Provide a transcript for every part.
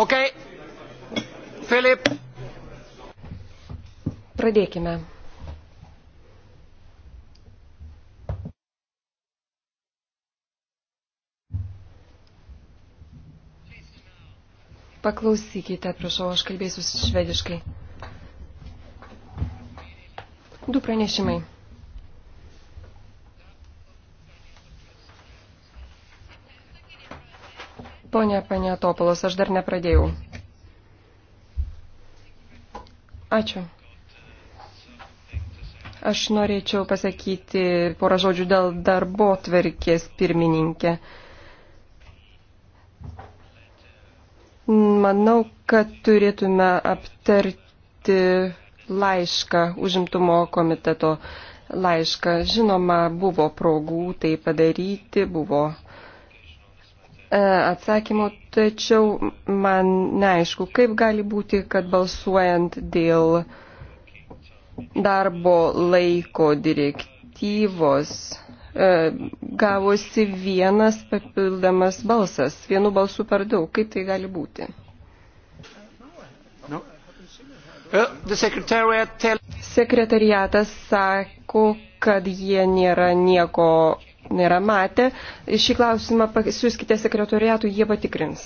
Ok. Filip. Pradėkime. Paklausykite, prašau, aš kalbėsiu švediškai. Du pranešimai. Pone Panetopolos, aš dar nepradėjau. Ačiū. Aš norėčiau pasakyti porą žodžių dėl darbo tvarkės pirmininkė. Manau, kad turėtume aptarti laišką užimtumo komiteto laišką. Žinoma, buvo progų tai padaryti, buvo uh, E, atsakymų, tačiau man neaišku, kaip gali būti, kad balsuojant dėl darbo laiko direktyvos e, gavosi vienas papildamas balsas, vienu balsu per daug. Kaip tai gali būti? No. Sekretariatas sako, kad jie nėra nieko nėra matę, šį klausimą pasiūskite sekretoriatų, jie patikrins.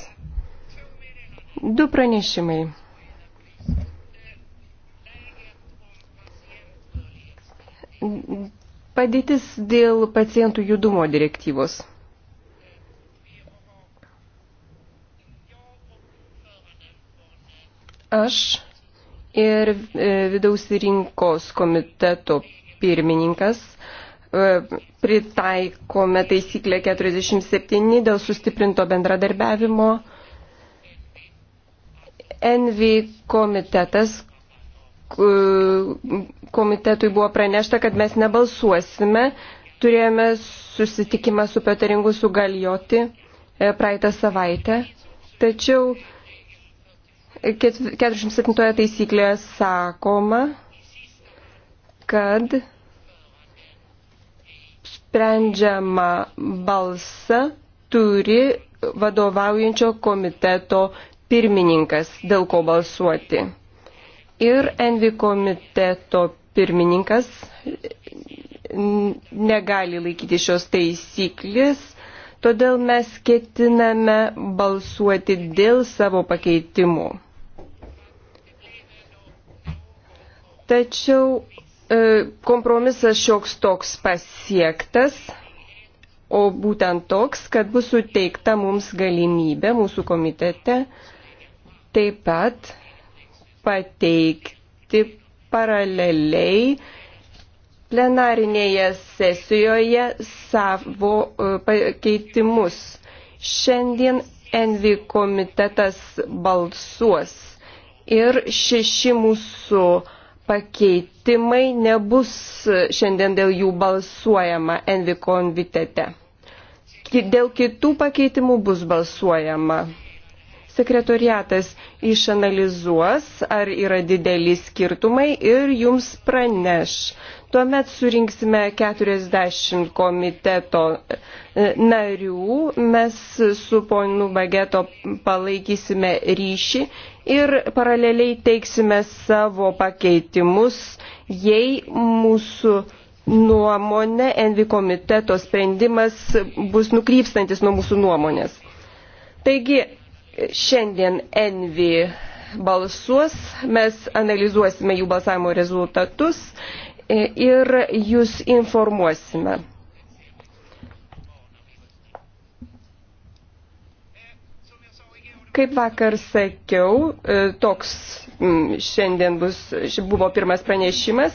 Du pranešimai. Padėtis dėl pacientų judumo direktyvos. Aš ir e, vidaus rinkos komiteto pirmininkas E, pritaikome taisyklę 47 dėl sustiprinto bendradarbiavimo. NV komitetas komitetui buvo pranešta, kad mes nebalsuosime. Turėjome susitikimą su Peteringu Sugaljoti e, praeitą savaitę. Tačiau 47 taisyklėje sakoma, kad sprendžiama balsą turi vadovaujančio komiteto pirmininkas, dėl ko balsuoti. Ir Envi komiteto pirmininkas negali laikyti šios taisyklės, todėl mes ketiname balsuoti dėl savo pakeitimų. Tačiau E, kompromisas šioks toks pasiektas, o būtent toks, kad bus suteikta mums galimybė mūsų komitete taip pat pateikti paraleliai plenarinėje sesijoje savo e, pakeitimus. Šiandien Envi komitetas balsuos ir šeši mūsų uh, pakeitimai nebus šiandien dėl jų balsuojama Envi konvitete. Dėl kitų pakeitimų bus balsuojama. Sekretoriatas išanalizuos, ar yra dideli skirtumai ir jums praneš. Tuomet surinksime 40 komiteto e, narių, mes su ponu Bageto palaikysime ryšį ir paraleliai teiksime savo pakeitimus, jei mūsų nuomonė, Envi komiteto sprendimas bus nukrypstantis nuo mūsų nuomonės. Taigi, šiandien Envi balsuos, mes analizuosime jų balsavimo rezultatus e, ir jūs informuosime. Kaip vakar sakiau, e, toks šiandien bus, buvo pirmas pranešimas,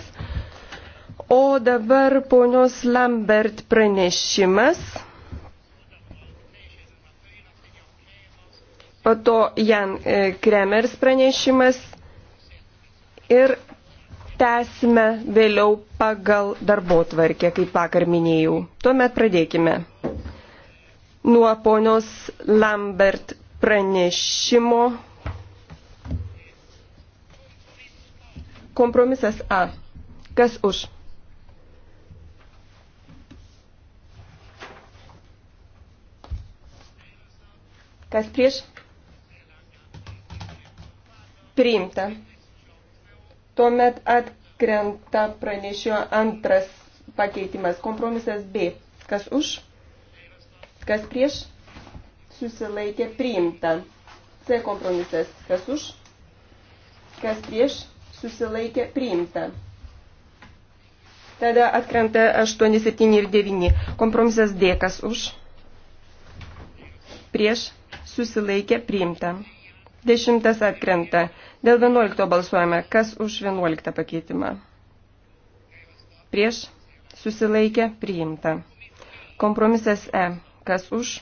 o dabar ponios Lambert pranešimas. po to Jan e, Kremers pranešimas ir tęsime vėliau pagal darbo tvarkę, kaip vakar minėjau. Tuomet pradėkime nuo ponios Lambert pranešimo. Kompromisas A. Kas už? Kas prieš? priimta. Tuomet atkrenta pranešio antras pakeitimas, kompromisas B. Kas už, kas prieš, susilaikė priimta. C kompromisas, kas už, kas prieš, susilaikė priimta. Tada atkrenta 8, 7 ir 9. Kompromisas D, kas už, prieš, susilaikė priimta. Dešimtas atkrenta. Dėl vienuolikto balsuojame. Kas už vienuoliktą pakeitimą? Prieš susilaikė priimta. Kompromisas E. Kas už?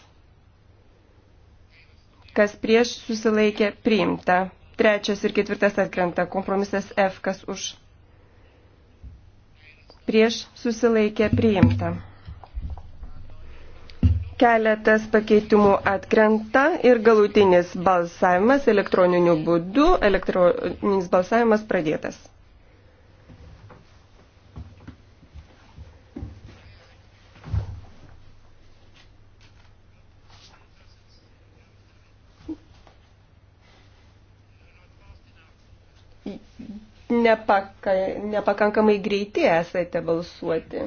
Kas prieš susilaikė priimta. Trečias ir ketvirtas atkrenta. Kompromisas F. Kas už? Prieš susilaikė priimta. Keletas pakeitimų atkrenta ir galutinis balsavimas elektroniniu būdu. Elektroninis balsavimas pradėtas. Nepaka, nepakankamai greitai esate balsuoti.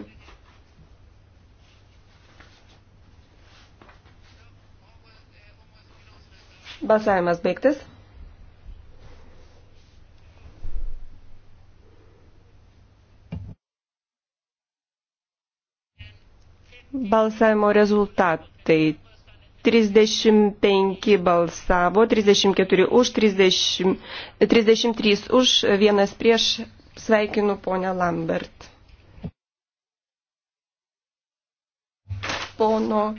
Balsavimas baigtas. Balsavimo rezultatai. 35 balsavo, 34 už, 30, 33 už, vienas prieš. Sveikinu ponę Lambert. Pono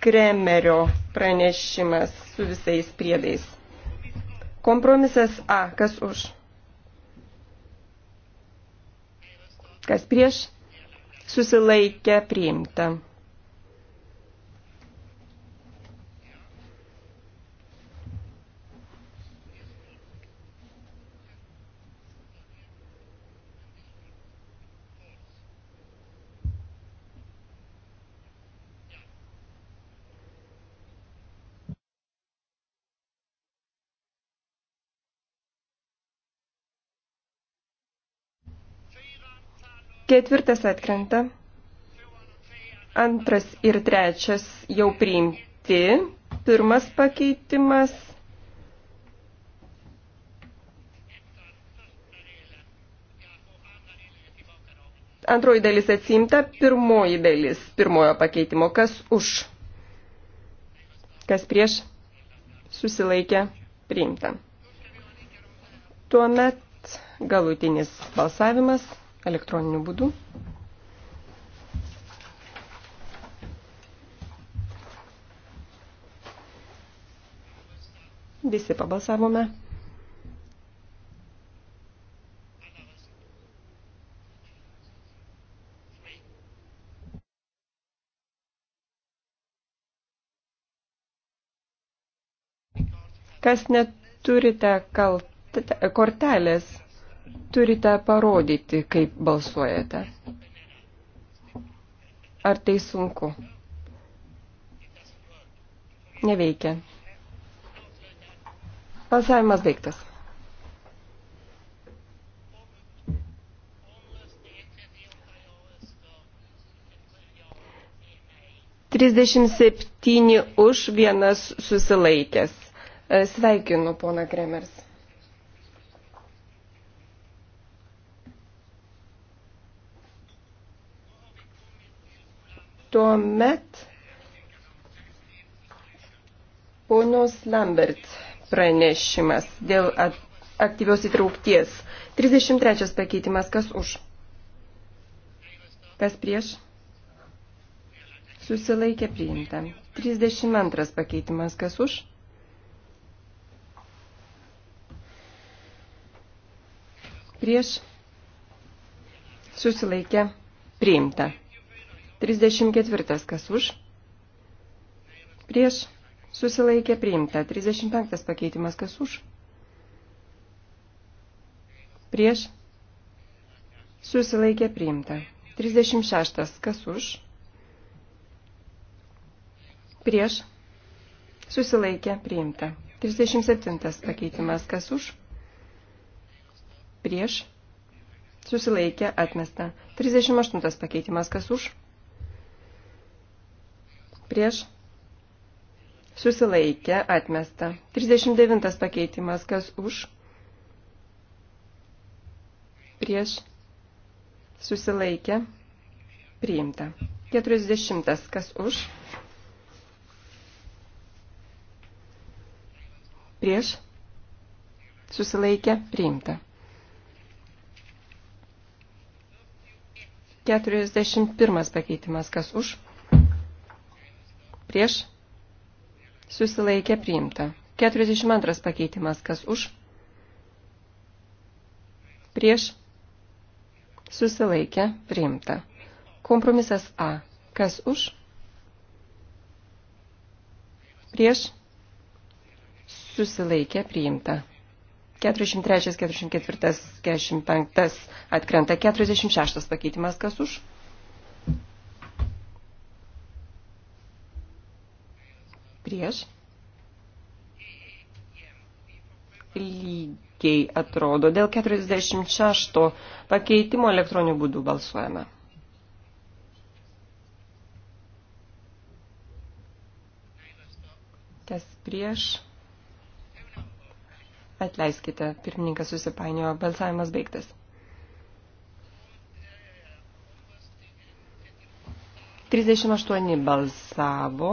Kremerio pranešimas su visais priedais. Kompromisas A. Kas už? Kas prieš? Susilaikė priimta. Ketvirtas atkrenta. Antras ir trečias jau priimti. Pirmas pakeitimas. Antroji dalis atsimta, pirmoji dalis pirmojo pakeitimo. Kas už? Kas prieš? Susilaikė priimta. Tuomet galutinis balsavimas elektroniniu būdu. Visi pabalsavome. Kas neturite kalt... kortelės, turite parodyti, kaip balsuojate. Ar tai sunku? Neveikia. Balsavimas daiktas. Trisdešimt septyni už vienas susilaikęs. Sveikinu, pona Kremers. Tuomet ponios Lambert pranešimas dėl aktyvios įtraukties. 33 pakeitimas, kas už? Kas prieš? Susilaikė priimta. 32 pakeitimas, kas už? Prieš? Susilaikė priimta. 34. Kas už? Prieš. Susilaikė priimta. 35. Pakeitimas. Kas už? Prieš. Susilaikė priimta. 36. Kas už? Prieš. Susilaikė priimta. 37. Pakeitimas. Kas už? Prieš. Susilaikė atmesta. 38 pakeitimas kas už? prieš susilaikė atmesta. 39 pakeitimas, kas už, prieš susilaikė priimta. 40 kas už, prieš susilaikė priimta. 41 pakeitimas, kas už, prieš prieš, susilaikė priimta. 42 pakeitimas, kas už, prieš, susilaikė priimta. Kompromisas A, kas už, prieš, susilaikė priimta. 43, 44, 45 atkrenta 46 pakeitimas, kas už prieš. Lygiai atrodo. Dėl 46 pakeitimo elektroniniu būdu balsuojame. Kas prieš? Atleiskite, pirmininkas susipainiojo, balsavimas baigtas. Trisdešimt aštuoni balsavo.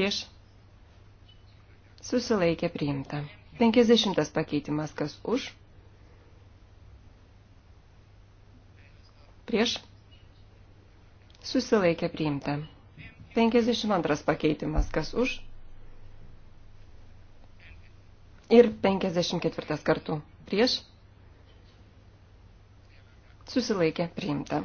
prieš, susilaikė priimta. 50 pakeitimas, kas už, prieš, susilaikė priimta. 52 pakeitimas, kas už, ir 54 kartų, prieš, susilaikė priimta.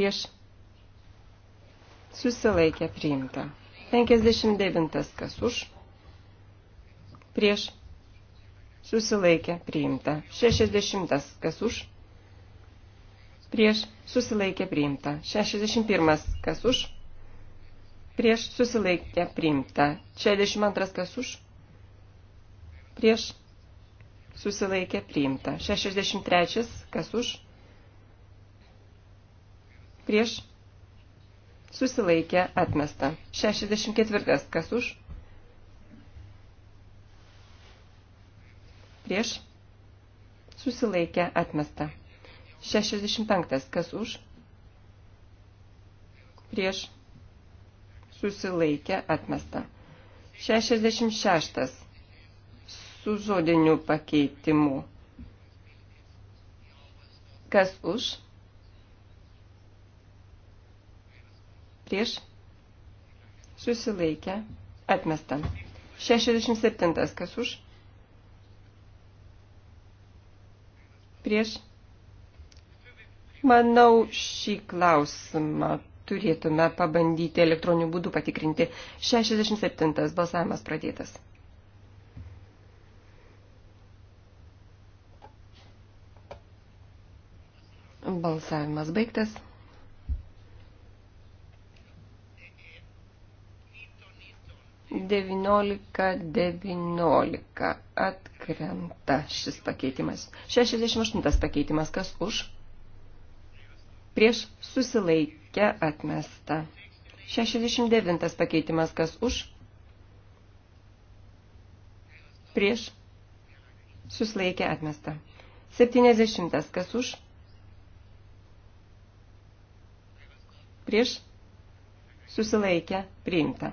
prieš susilaikę priimta. 59 kas už, prieš susilaikę priimta. 60 kas už, prieš susilaikę priimta. 61 kas už, prieš susilaikę priimta. 62 kas už, prieš susilaikę priimta. 63 kas už, prieš susilaikė atmesta. 64. Kas už? Prieš susilaikė atmesta. 65. Kas už? Prieš susilaikė atmesta. 66. Su žodiniu pakeitimu. Kas už? prieš susilaikę atmesta. 67 kas už prieš. Manau, šį klausimą turėtume pabandyti elektroniniu būdu patikrinti. 67 balsavimas pradėtas. Balsavimas baigtas. 19.19 atkrenta šis pakeitimas. 68 pakeitimas, kas už? Prieš susilaikę atmesta. 69 pakeitimas, kas už? Prieš susilaikę atmesta. 70 kas už? Prieš susilaikę priimta.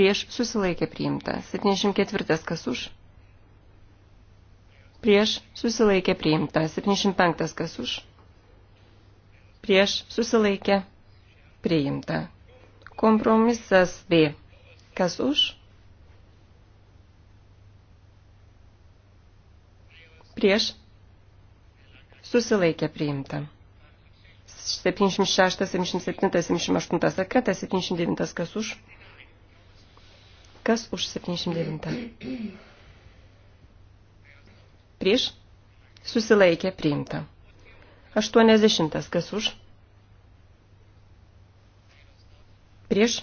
prieš susilaikė priimta. 74 kas už, prieš susilaikė priimta. 75 kas už, prieš susilaikė priimta. Kompromisas B. Kas už? Prieš susilaikė priimta. 76, 77, 78 sekretas, 79 kas už Kas už 79? Prieš? Susilaikė priimta. 80. Kas už? Prieš?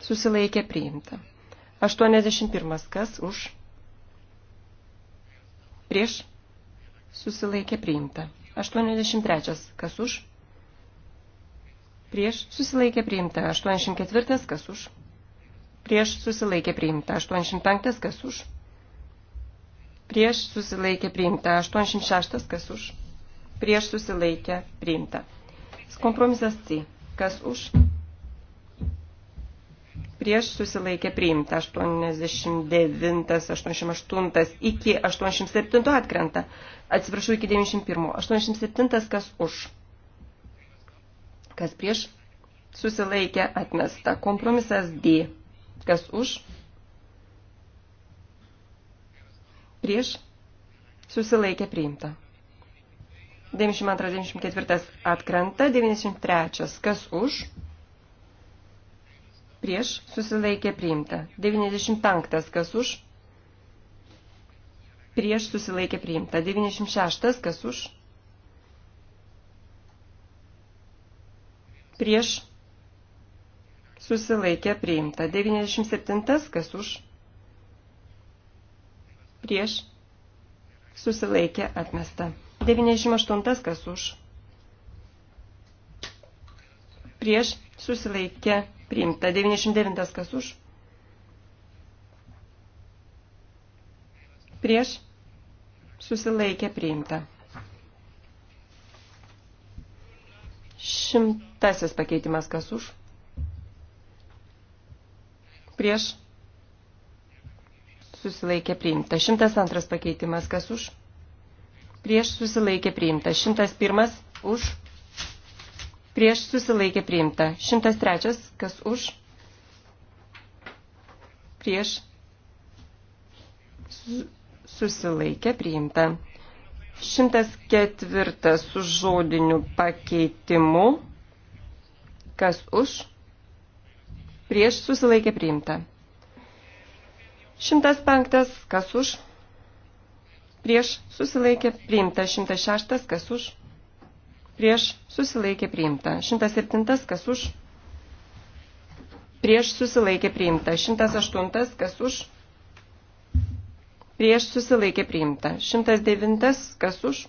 Susilaikė priimta. 81. Kas už? Prieš? Susilaikė priimta. 83. Kas už? Prieš? Susilaikė priimta. 84. Kas už? prieš susilaikė priimta. 85 kas už. Prieš susilaikė priimta. 86 kas už. Prieš susilaikė priimta. Kompromisas C. Kas už? Prieš susilaikė priimta 89, 88 iki 87 atkrenta. Atsiprašau, iki 91. 87 kas už? Kas prieš? Susilaikė atmesta. Kompromisas D. Kas už? Prieš? Susilaikė priimta. 92-94 atkrenta, 93 kas už? Prieš susilaikė priimta. 95 kas už? Prieš susilaikė priimta. 96 kas už? Prieš susilaikė priimta. 97 kas už, prieš, susilaikė atmesta. 98 kas už, prieš, susilaikė priimta. 99 kas už, prieš, susilaikė priimta. Šimtasis pakeitimas kas už? prieš susilaikė priimta. 102 pakeitimas, kas už? Prieš susilaikė priimta. 101 už. Prieš susilaikė priimta. 103 kas už? Prieš susilaikė priimta. 104 su žodiniu pakeitimu. Kas už? prieš susilaikė priimta. 105 kas už, prieš susilaikė priimta. 106 kas už, prieš susilaikė priimta. 107 kas už, prieš susilaikė priimta. 108 kas už, prieš susilaikė priimta. 109 kas už,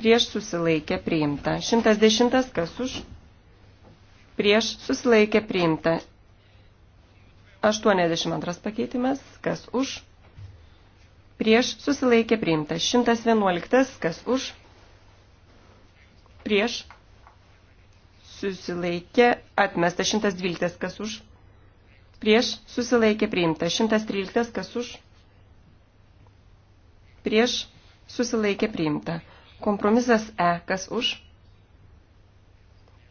prieš susilaikė priimta. 110 kas už, prieš susilaikė priimta prieš susilaikė priimta. 82 pakeitimas, kas už, prieš susilaikė priimta. 111, kas už, prieš susilaikė atmesta. 112, kas už, prieš susilaikė priimta. 113, kas už, prieš susilaikė priimta. Kompromisas E, kas už, prieš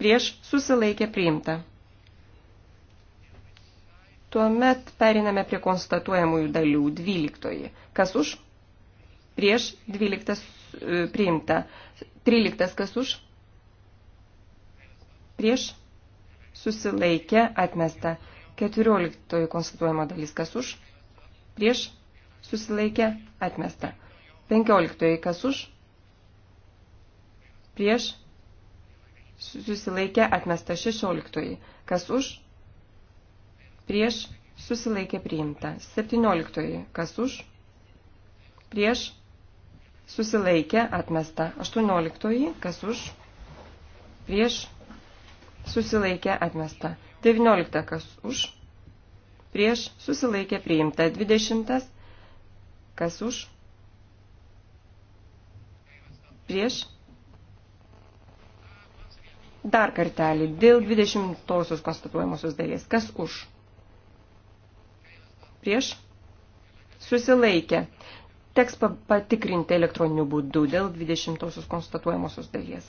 prieš susilaikė priimta. Tuomet periname prie konstatuojamųjų dalių 12. Kas už? Prieš 12 e, priimta. 13. Kas už? Prieš susilaikė atmesta. 14. Konstatuojama dalis. Kas už? Prieš susilaikė atmesta. 15. Kas už? Prieš susilaikė atmesta 16, kas už, prieš susilaikė priimta 17, kas už, prieš susilaikė atmesta 18, kas už, prieš susilaikė atmesta 19, kas už, prieš susilaikė priimta 20, kas už, prieš Dar kartelį, dėl 20-osios konstatuojamosios dalies. Kas už? Prieš? Susilaikė. Teks patikrinti elektroniniu būdu dėl 20-osios konstatuojamosios dalies.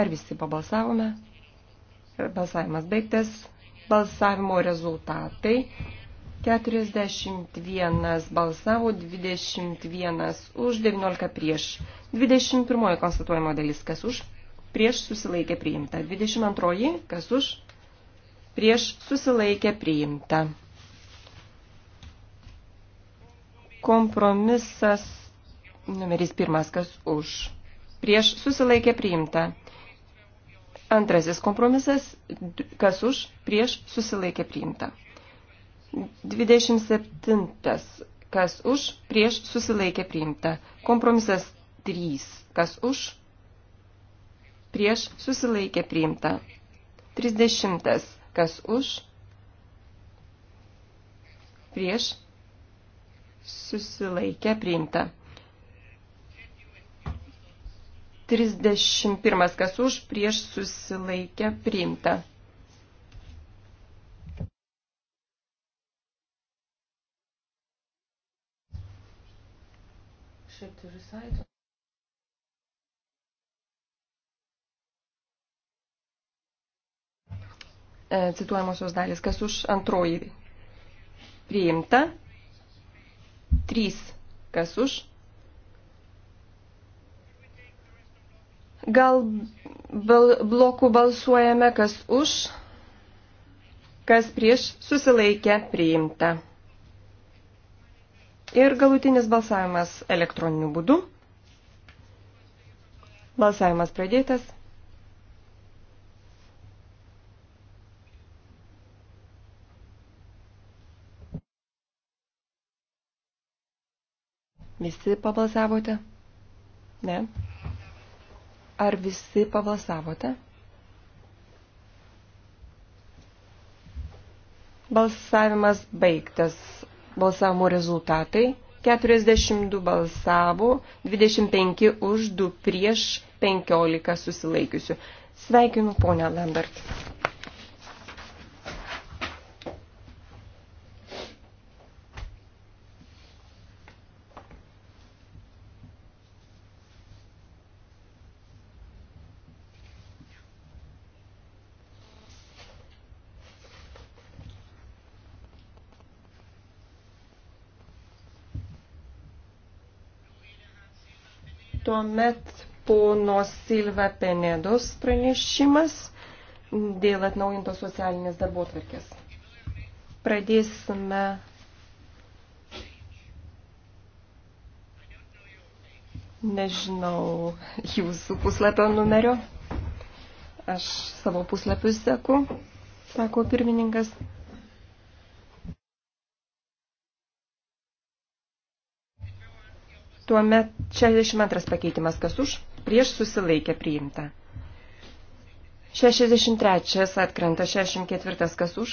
Ar visi pabalsavome? Balsavimas baigtas. Balsavimo rezultatai 41 balsavo, 21 už, 19 prieš. 21 konstatuojama dalis, kas už, prieš susilaikė priimta. 22, kas už, prieš susilaikė priimta. Kompromisas numeris pirmas, kas už, prieš susilaikė priimta. Antrasis kompromisas, kas už, prieš susilaikė priimta. 27. Kas už, prieš susilaikė priimta. Kompromisas 3. Kas už, prieš susilaikė priimta. 30. Kas už, prieš susilaikė priimta. 31. Kas už, prieš susilaikė priimta. should recite cituojamosios dalys, kas už antroji priimta, trys kas už. Gal bal, blokų balsuojame, kas už, kas prieš susilaikę priimta. Ir galutinis balsavimas elektroniniu būdu. Balsavimas pradėtas. Visi pabalsavote? Ne. Ar visi pabalsavote? Balsavimas baigtas. Balsavimo rezultatai. 42 balsavo, 25 už, 2 prieš, 15 susilaikiusių. Sveikinu, ponia Lambert. Tuomet pono Silva Penedos pranešimas dėl atnaujintos socialinės darbo tvarkės. Pradėsime nežinau jūsų puslapio numerio. Aš savo puslapius seku, sako pirmininkas. Tuomet 62 pakeitimas kas už, prieš susilaikę priimta. 63 atkrenta, 64 kas už.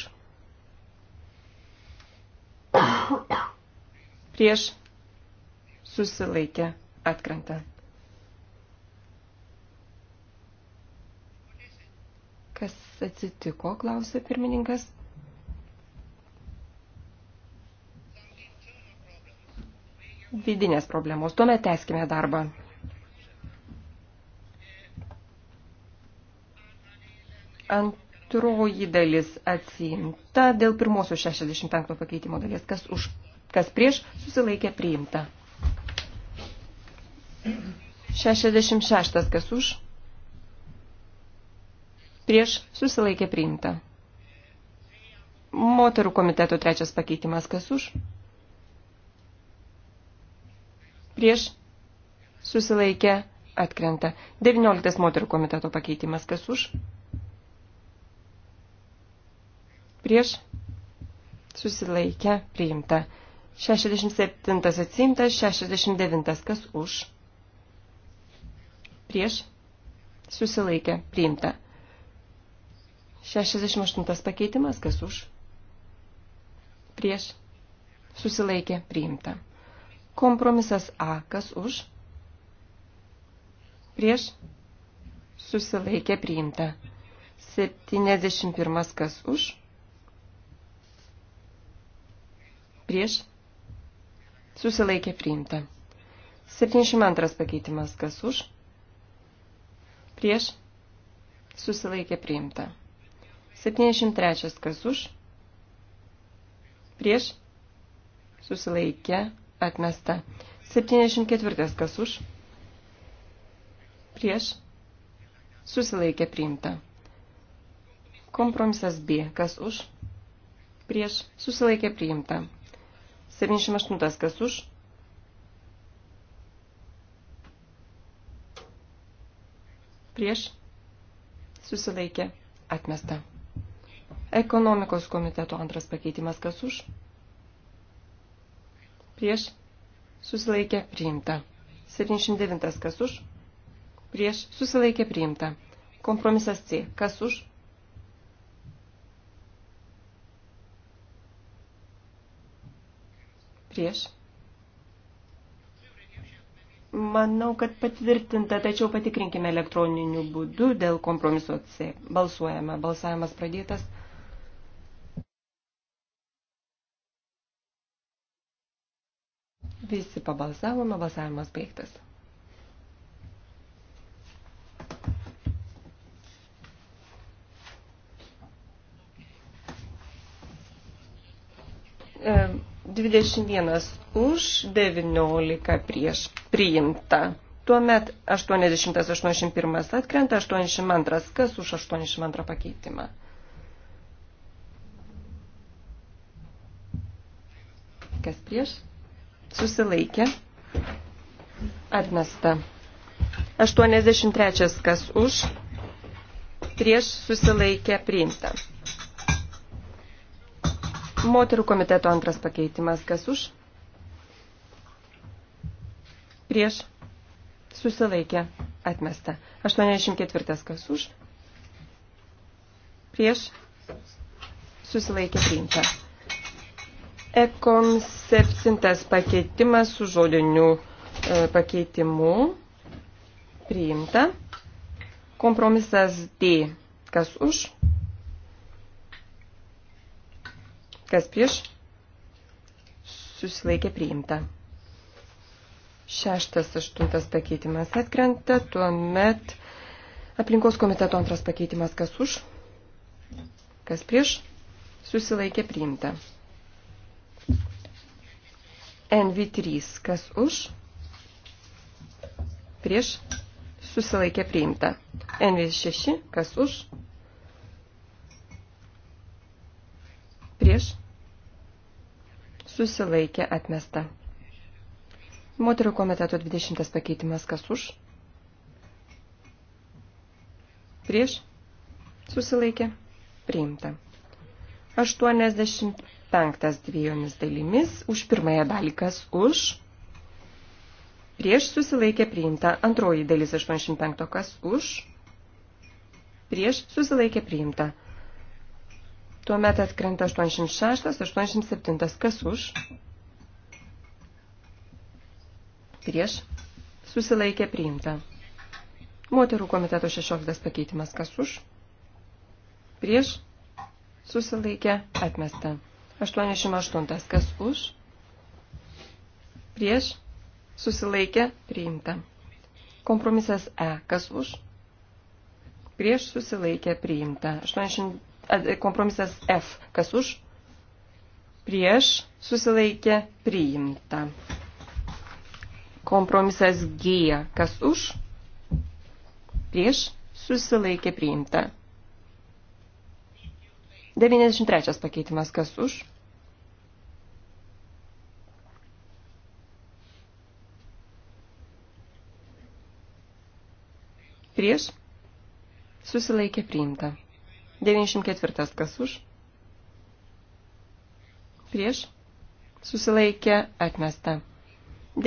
Prieš susilaikę atkrenta. Kas atsitiko, klausė pirmininkas. vidinės problemos. Tuomet teskime darbą. Antroji dalis atsiimta dėl pirmosios 65 pakeitimo dalies. Kas, už, kas prieš susilaikė priimta. 66 kas už. Prieš susilaikė priimta. Moterų komiteto trečias pakeitimas kas už prieš susilaikę atkrenta. 19 moterų komiteto pakeitimas, kas už, prieš susilaikę priimta. 67 atsiimtas, 69 kas už, prieš susilaikę priimta. 68 pakeitimas, kas už, prieš susilaikė priimta. Kompromisas A. Kas už? Prieš? Susilaikė priimta. 71. Kas už? Prieš? Susilaikė priimta. 72 pakeitimas. Kas už? Prieš? Susilaikė priimta. 73. Kas už? Prieš? Susilaikė atmesta. 74 kas už, prieš, susilaikė priimta. Kompromisas B, kas už, prieš, susilaikė priimta. 78 kas už, prieš, susilaikė atmesta. Ekonomikos komiteto antras pakeitimas kas už, prieš prieš susilaikė priimta. 79 kas už, prieš susilaikė priimta. Kompromisas C kas už. Prieš. Manau, kad patvirtinta, tačiau patikrinkime elektroniniu būdu dėl kompromiso C. Balsuojame. Balsavimas pradėtas. Visi pabalsavome, balsavimas baigtas. E, 21 už, 19 prieš priimta. Tuomet 80-81 atkrenta, 82 kas už 82 pakeitimą. Kas prieš? susilaikė, atmesta. 83 kas už, prieš susilaikė, priimta. Moterų komiteto antras pakeitimas kas už, prieš susilaikė, atmesta. 84 kas už, prieš susilaikė, priimta. Ekom septintas pakeitimas su žodiniu e, pakeitimu priimta. Kompromisas D. Kas už? Kas prieš? Susilaikė priimta. Šeštas, aštuntas pakeitimas atkrenta, tuomet aplinkos komiteto antras pakeitimas kas už, kas prieš, susilaikė priimta. NV3. Kas už? Prieš susilaikė priimta. NV6. Kas už? Prieš susilaikė atmesta. Moterio komiteto 20 pakeitimas. Kas už? Prieš susilaikė priimta. 85 penktas dviejomis dalimis už pirmąją dalį kas už, prieš susilaikė priimta antroji dalis 85 kas už, prieš susilaikė priimta. Tuomet atkrenta 86, 87 kas už, prieš susilaikė priimta. Moterų komiteto 16 pakeitimas kas už, prieš susilaikė atmesta. 88. Kas už? Prieš? Susilaikė? Priimta. Kompromisas E. Kas už? Prieš? Susilaikė? Priimta. 80, kompromisas F. Kas už? Prieš? Susilaikė? Priimta. Kompromisas G. Kas už? Prieš? Susilaikė? Priimta. 93 pakeitimas kas už? Prieš? Susilaikė priimta. 94 kas už? Prieš? Susilaikė atmesta.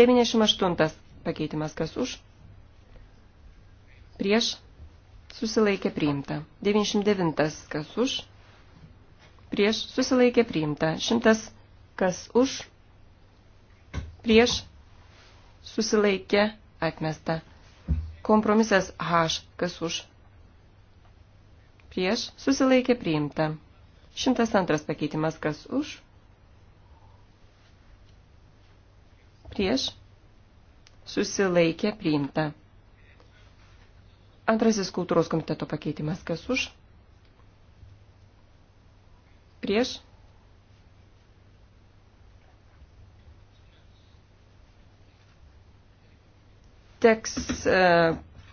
98 pakeitimas kas už? Prieš? Susilaikė priimta. 99 kas už? prieš susilaikė priimta. Šimtas kas už, prieš susilaikė atmesta. Kompromisas H kas už, prieš susilaikė priimta. Šimtas antras pakeitimas kas už, prieš susilaikė priimta. Antrasis kultūros komiteto pakeitimas kas už prieš. Teks e,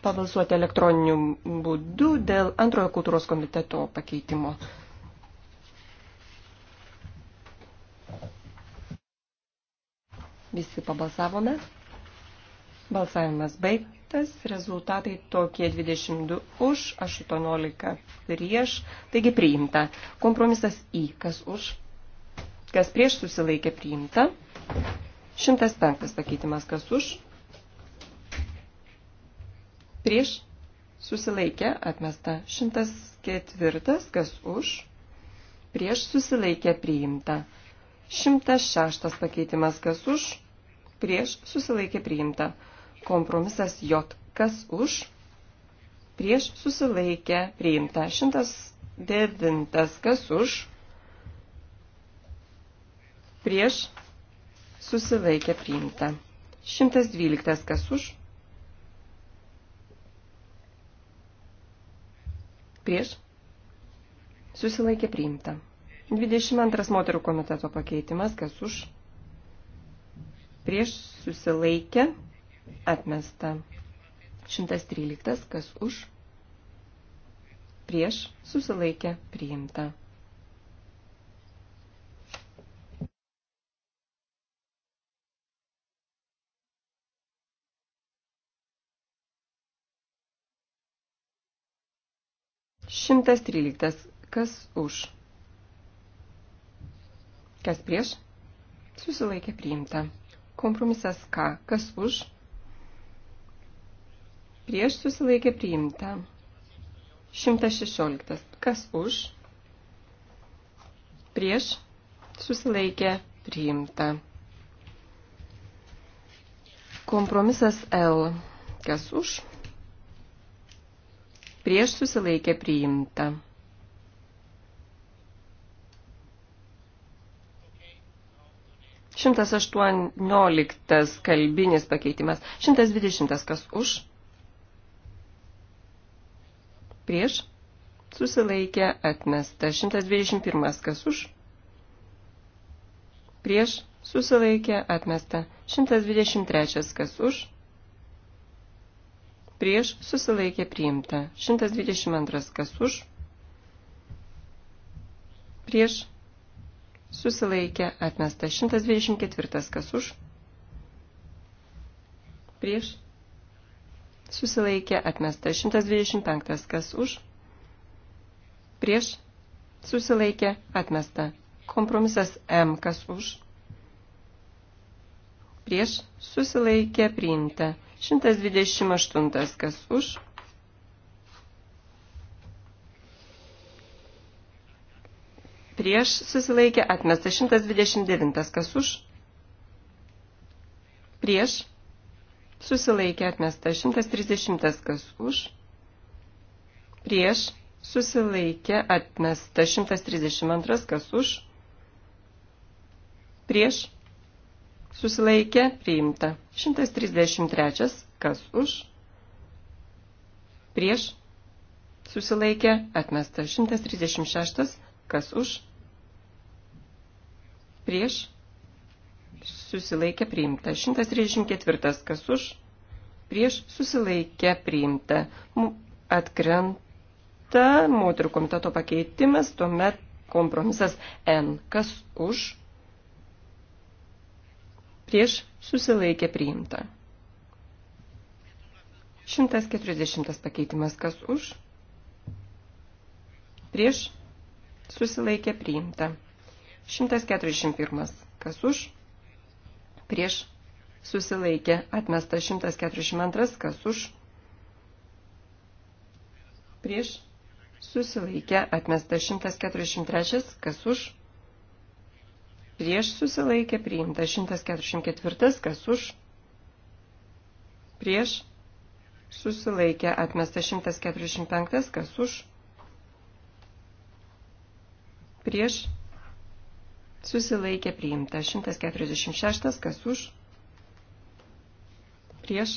pabalsuoti elektroniniu būdu dėl antrojo kultūros komiteto pakeitimo. Visi pabalsavome. Balsavimas baigtas rezultatai tokie 22 už, 18 prieš, taigi priimta. Kompromisas į, kas už, kas prieš susilaikė priimta. 105 pakeitimas, kas už, prieš susilaikė atmesta. 104, kas už, prieš susilaikė priimta. 106 pakeitimas, kas už, prieš susilaikė priimta. Kompromisas J. Kas už? Prieš susilaikę priimta. 109. Kas už? Prieš susilaikę priimta. 112. Kas už? Prieš susilaikė priimta. 22 moterų komiteto pakeitimas, kas už prieš susilaikę atmesta. 113. Kas už? Prieš susilaikė priimta. Šimtas tryliktas. Kas už? Kas prieš? Susilaikė priimta. Kompromisas ką? Kas už? prieš susilaikė priimta. 116. Kas už? Prieš susilaikė priimta. Kompromisas L. Kas už? Prieš susilaikė priimta. Šimtas aštuonioliktas kalbinis pakeitimas. Šimtas dvidešimtas kas už? prieš, susilaikė atmesta. 121 kas už, prieš, susilaikė atmesta. 123 kas už, prieš, susilaikė priimta. 122 kas už, prieš, susilaikė atmesta. 124 kas už, prieš, susilaikė atmesta. 125 kas už, prieš, susilaikė atmesta. Kompromisas M kas už, prieš, susilaikė priimta. 128 kas už. Prieš susilaikė atmesta 129, kas už? Prieš susilaikė atmesta 130 kas už, prieš susilaikė atmesta 132 kas už, prieš susilaikė priimta 133 kas už, prieš susilaikė atmesta 136 kas už, prieš susilaikė priimta. 134. Kas už? Prieš susilaikė priimta. Atkrenta moterų komiteto pakeitimas, tuomet kompromisas N. Kas už? Prieš susilaikė priimta. 140 pakeitimas kas už? Prieš susilaikė priimta. 141 kas už? prieš susilaikė atmesta 142, kas už, prieš susilaikė atmesta 143, kas už, prieš susilaikė priimta 144, kas už, prieš susilaikė atmesta 145, kas už, prieš Susilaikė priimta. 146. Kas už? Prieš.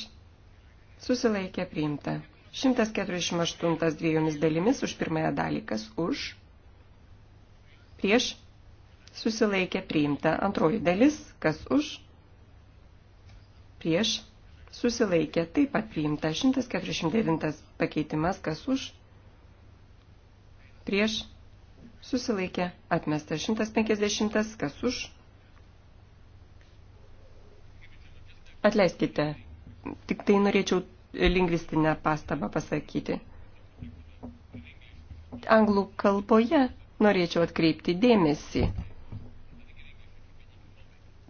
Susilaikė priimta. 148 dviejomis dalimis už pirmąją dalį. Kas už? Prieš. Susilaikė priimta. Antroji dalis. Kas už? Prieš. Susilaikė taip pat priimta. 149 pakeitimas. Kas už? Prieš Susilaikė. Atmesta 150. Kas už? Atleiskite. Tik tai norėčiau lingvistinę pastabą pasakyti. Anglų kalboje norėčiau atkreipti dėmesį.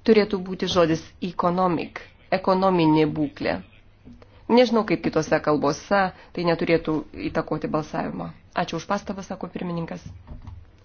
Turėtų būti žodis economic, ekonominė būklė. Nežinau, kaip kitose kalbose tai neturėtų įtakoti balsavimo. Ačiū už pastabą, sako pirmininkas.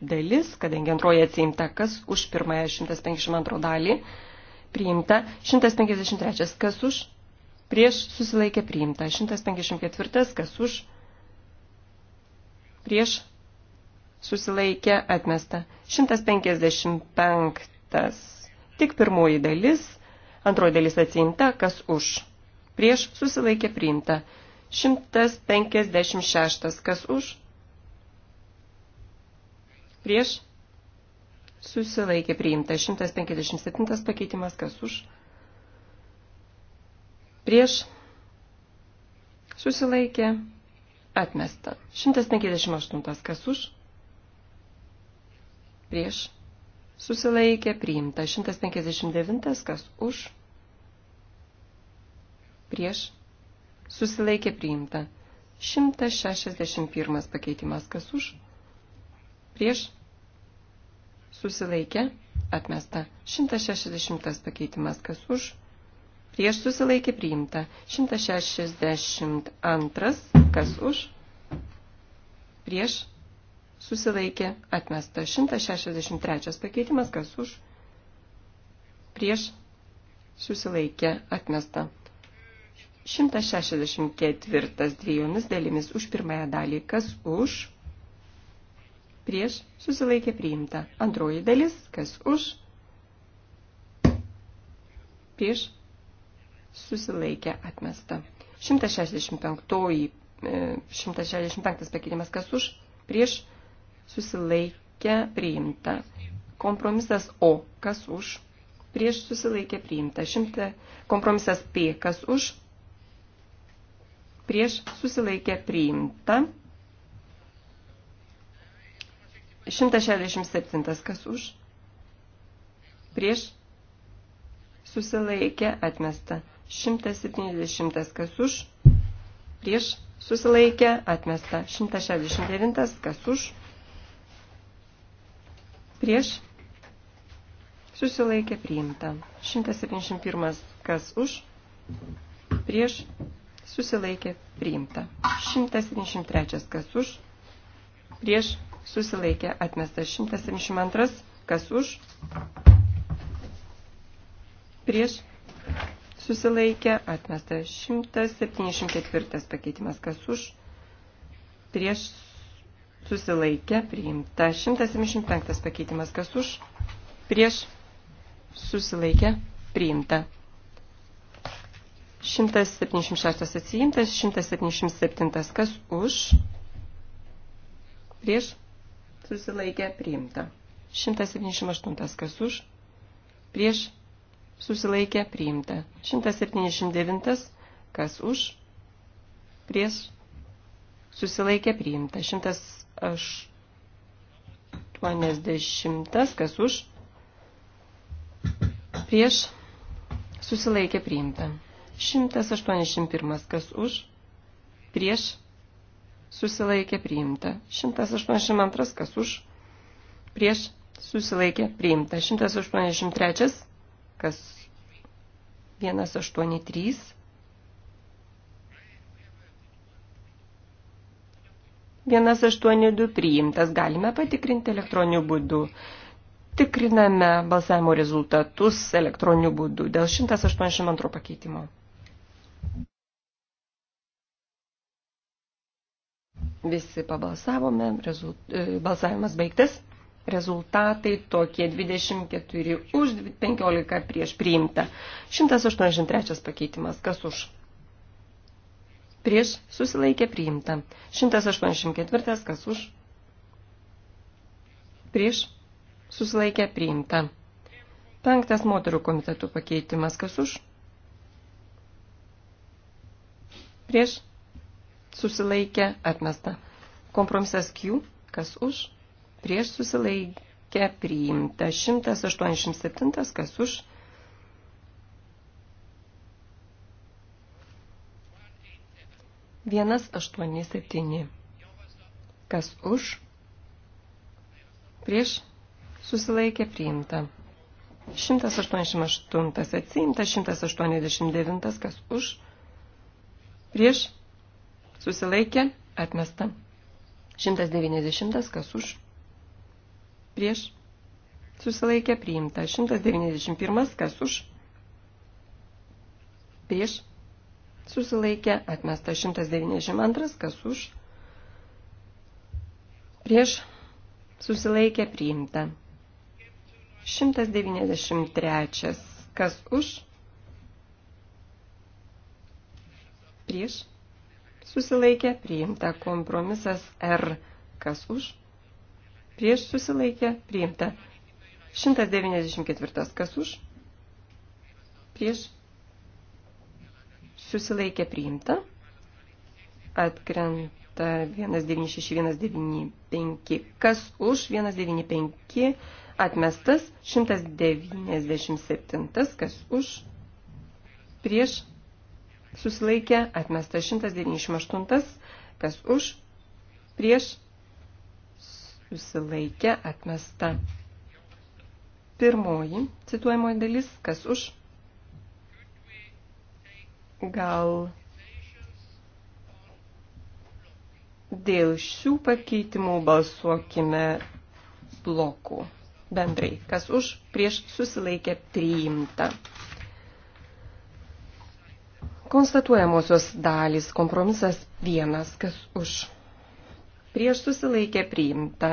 dalis, kadangi antroji atsiimta, kas už pirmąją 152 dalį priimta, 153 kas už, prieš susilaikė priimta, 154 kas už, prieš susilaikė atmesta, 155 tik pirmoji dalis, antroji dalis atsiimta, kas už, prieš susilaikė priimta, 156 kas už, prieš susilaikė priimta. 157 pakeitimas, kas už, prieš susilaikė atmesta. 158 kas už, prieš susilaikė priimta. 159 kas už, prieš susilaikė priimta. 161 pakeitimas kas už, prieš prieš susilaikė atmesta. 160 pakeitimas kas už, prieš susilaikė priimta. 162 kas už, prieš susilaikė atmesta. 163 pakeitimas kas už, prieš susilaikė atmesta. 164 dviejomis dalimis už pirmąją dalį kas už, prieš, susilaikė priimta. Antroji dalis, kas už, prieš, susilaikė atmesta. 165, 165 e, pakeitimas, kas už, prieš, susilaikė priimta. Kompromisas O, kas už, prieš susilaikė priimta. 100, kompromisas P, kas už, prieš susilaikė priimta. 167. Kas už? Prieš? Susilaikė atmesta. 170. Kas už? Prieš? Susilaikė atmesta. 169. Kas už? Prieš? Susilaikė priimta. 171. Kas už? Prieš? Susilaikė priimta. 173. Kas už? Prieš? susilaikė atmestas 172, kas už, prieš, susilaikė atmestas 174 pakeitimas, kas už, prieš, susilaikė priimta 175 pakeitimas, kas už, prieš, susilaikė priimta. 176 atsiimtas, 177 kas už, prieš, susilaikė priimta. 178 kas už, prieš susilaikė priimta. 179 kas už, prieš susilaikė priimta. 180 kas už, prieš susilaikė priimta. 181 kas už, prieš susilaikė priimta. 182 kas už, prieš susilaikė priimta. 183 kas 183. Vienas aštuoni du priimtas. Galime patikrinti elektroniniu būdu. Tikriname balsavimo rezultatus elektroniniu būdu dėl 182 pakeitimo. Visi pabalsavome, rezult, e, balsavimas baigtas. Rezultatai tokie 24 už 15 prieš priimta. 183 pakeitimas. Kas už? Prieš susilaikė priimta. 184 kas už? Prieš susilaikė priimta. Penktas moterų komitetų pakeitimas kas už? Prieš susilaikė, atmesta. Kompromisas Q, kas už, prieš susilaikė, priimta. 187, kas už. Vienas aštuoni septyni. Kas už? Prieš susilaikė priimta. 188 atsiimta, 189 kas už, prieš Susilaikė, atmesta. 190, kas už? Prieš. Susilaikė, priimta. 191, kas už? Prieš. Susilaikė, atmesta. 192, kas už? Prieš. Susilaikė, priimta. 193, kas už? Prieš susilaikė, priimta. Kompromisas R, kas už, prieš susilaikė, priimta. 194, kas už, prieš susilaikė, priimta. Atkrenta 196, 195, kas už, 195, atmestas, 197, kas už, prieš susilaikė, atmesta 198, kas už, prieš, susilaikė, atmesta. Pirmoji cituojamoji dalis, kas už, gal dėl šių pakeitimų balsuokime blokų bendrai, kas už, prieš, susilaikė, priimta. Konstatuojamosios dalys, kompromisas vienas, kas už. Prieš susilaikė priimta.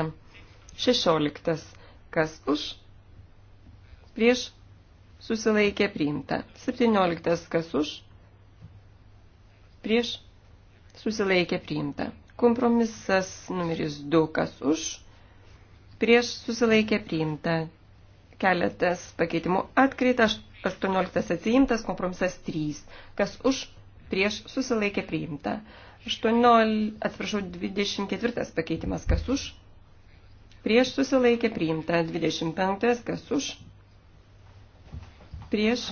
Šešioliktas, kas už. Prieš susilaikė priimta. Septynioliktas, kas už. Prieš susilaikė priimta. Kompromisas numeris du, kas už. Prieš susilaikė priimta. Keletas pakeitimų atkrita. Aš 18 atsiimtas, kompromisas 3. Kas už, prieš, susilaikė priimta. 18, atsiprašau, 24 pakeitimas, kas už, prieš, susilaikė priimta. 25, kas už, prieš,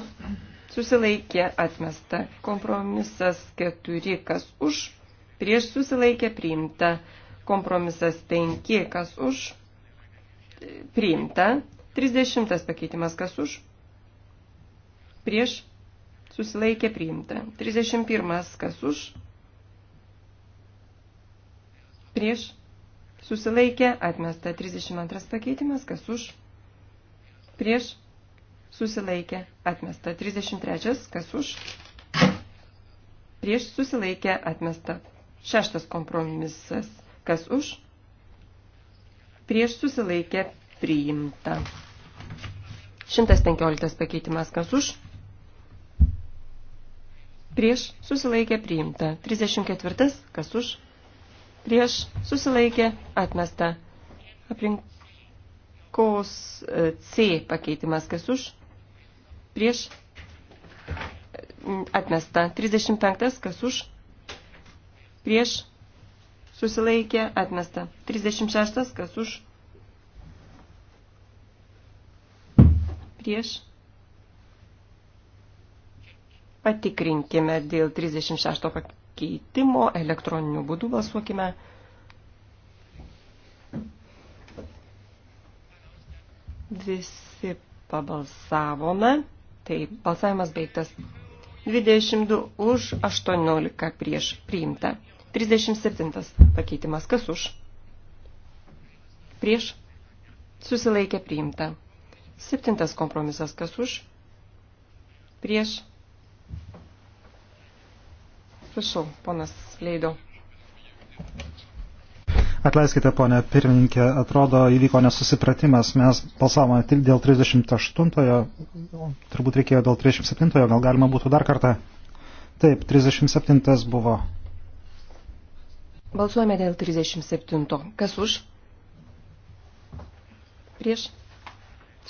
susilaikė atmesta. Kompromisas 4, kas už, prieš, susilaikė priimta. Kompromisas 5, kas už, priimta. 30 pakeitimas, kas už, prieš susilaikė priimta. 31. Kas už? Prieš susilaikė atmesta. 32. Pakeitimas. Kas už? Prieš susilaikė atmesta. 33. Kas už? Prieš susilaikė atmesta. Šeštas kompromisas. Kas už? Prieš susilaikė priimta. 115 pakeitimas. Kas už? prieš susilaikė priimta. 34. Kas už, prieš susilaikė atmesta. Aplinkos e, C pakeitimas. Kas už, prieš e, atmesta. 35. Kas už, prieš susilaikė atmesta. 36. Kas už, prieš Patikrinkime dėl 36 pakeitimo, elektroniniu būdu balsuokime. Visi pabalsavome. Tai balsavimas baigtas. 22 už 18 prieš priimta. 37 pakeitimas. Kas už? Prieš. Susilaikė priimta. 7 kompromisas. Kas už? Prieš. Prašau, ponas Leido. Atleiskite, ponė pirmininkė, atrodo įvyko nesusipratimas. Mes balsavome tik dėl 38-ojo, turbūt reikėjo dėl 37-ojo, gal galima būtų dar kartą. Taip, 37-as buvo. Balsuojame dėl 37-o. Kas už? Prieš?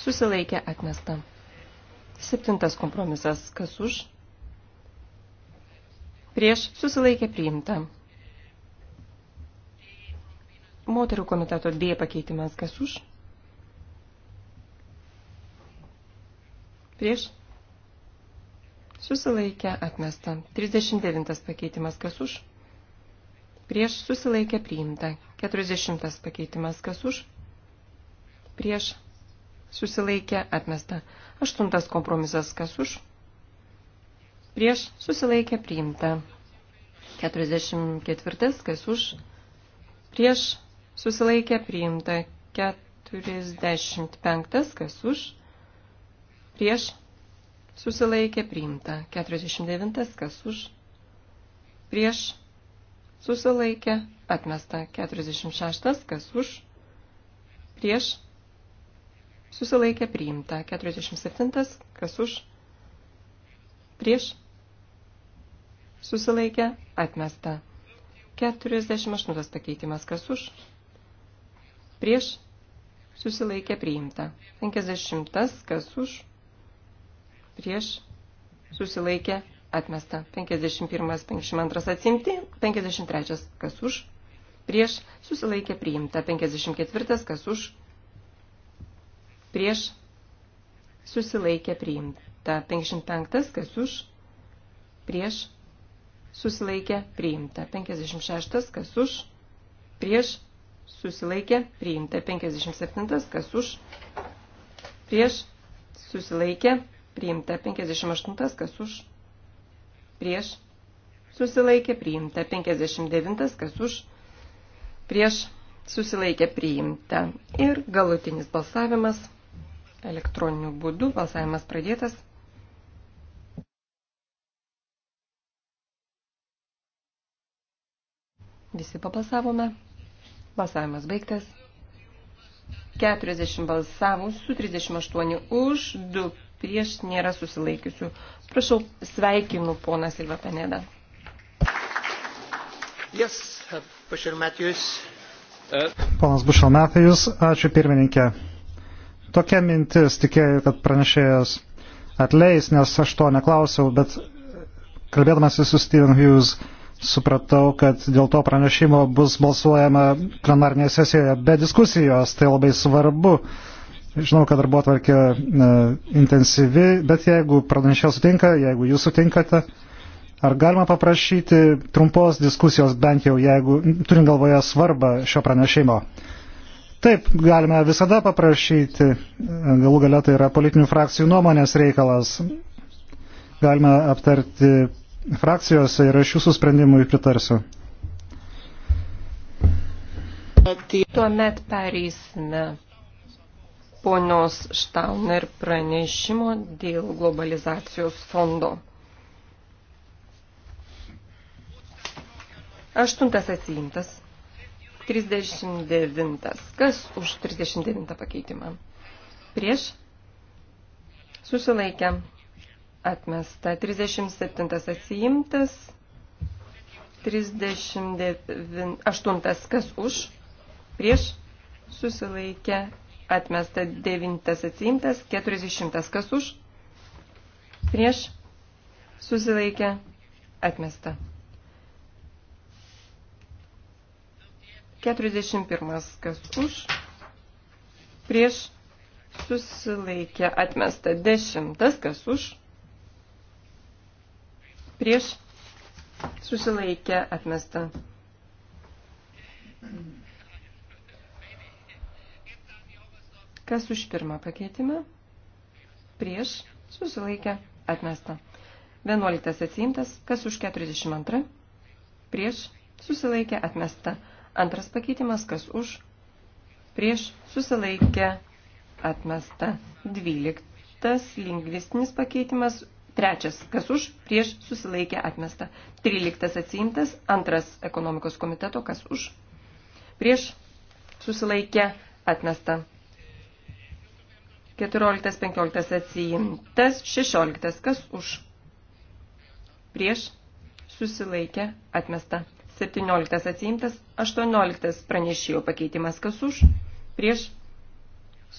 Susilaikė atmesta. Septintas kompromisas. Kas už? prieš susilaikė priimta. Moterų komiteto D pakeitimas kas už? Prieš susilaikė atmesta. 39 pakeitimas kas už? Prieš susilaikė priimta. 40 pakeitimas kas už? Prieš susilaikė atmesta. 8 kompromisas kas už? prieš susilaikė priimta. 44, kas už, prieš susilaikė priimta. 45, kas už, prieš susilaikė priimta. 49, kas už, prieš susilaikė atmesta. 46, kas už, prieš susilaikė priimta. 47, kas už, prieš susilaikė, atmesta. 48 pakeitimas kas už, prieš, susilaikė, priimta. 50 kas už, prieš, susilaikė, atmesta. 51, 52 atsimti, 53 kas už, prieš, susilaikė, priimta. 54 kas už, prieš, susilaikė, priimta. 55 kas už, prieš, susilaikė priimta. 56 kas už, prieš susilaikė priimta. 57 kas už, prieš susilaikė priimta. 58 kas už, prieš susilaikė priimta. 59 kas už, prieš susilaikė priimta. Ir galutinis balsavimas elektroniniu būdu. Balsavimas pradėtas. Visi papasavome. Balsavimas baigtas. 40 balsavusių, 38 už, 2 prieš nėra susilaikiusių. Prašau, sveikinu poną Silvą Penedą. Yes, uh, Bushel Matthews. Uh, Ponas Bushel Matthews, ačiū pirmininkė. Tokia mintis, tikėjau, kad pranešėjas atleis, nes aš to neklausiau, bet kalbėdamas su Steven Hughes supratau, kad dėl to pranešimo bus balsuojama plenarnėje sesijoje be diskusijos, tai labai svarbu. Žinau, kad darbo atvarkė e, intensyvi, bet jeigu pranešė sutinka, jeigu jūs sutinkate, ar galima paprašyti trumpos diskusijos bent jau, jeigu turint galvoje svarbą šio pranešimo? Taip, galime visada paprašyti, galų galia tai yra politinių frakcijų nuomonės reikalas. Galime aptarti frakcijose ir aš jūsų sprendimui pritarsiu. Tuomet pereisime ponios Štauner pranešimo dėl globalizacijos fondo. Aštuntas atsiimtas. 39. Kas už 39 pakeitimą? Prieš? Susilaikę atmesta. 37 atsiimtas. 38 kas už, prieš susilaikė, atmesta 9 atsiimtas, 40 kas už, prieš susilaikė, atmesta. 41 kas už, prieš susilaikė, atmesta 10 kas už prieš susilaikę atmesta. Kas už pirmą pakeitimą? Prieš susilaikę atmesta. 11 atsiimtas. Kas už 42? Prieš susilaikę atmesta. Antras pakeitimas. Kas už? Prieš susilaikę atmesta. 12 lingvistinis pakeitimas Trečias, kas už, prieš, susilaikė, atmesta. Tryliktas atsiimtas, antras ekonomikos komiteto, kas už, prieš, susilaikė, atmesta. Keturioliktas, penkioliktas atsiimtas, šešioliktas, kas už, prieš, susilaikė, atmesta. Septynioliktas atsiimtas, aštuonioliktas pranešėjo pakeitimas, kas už, prieš,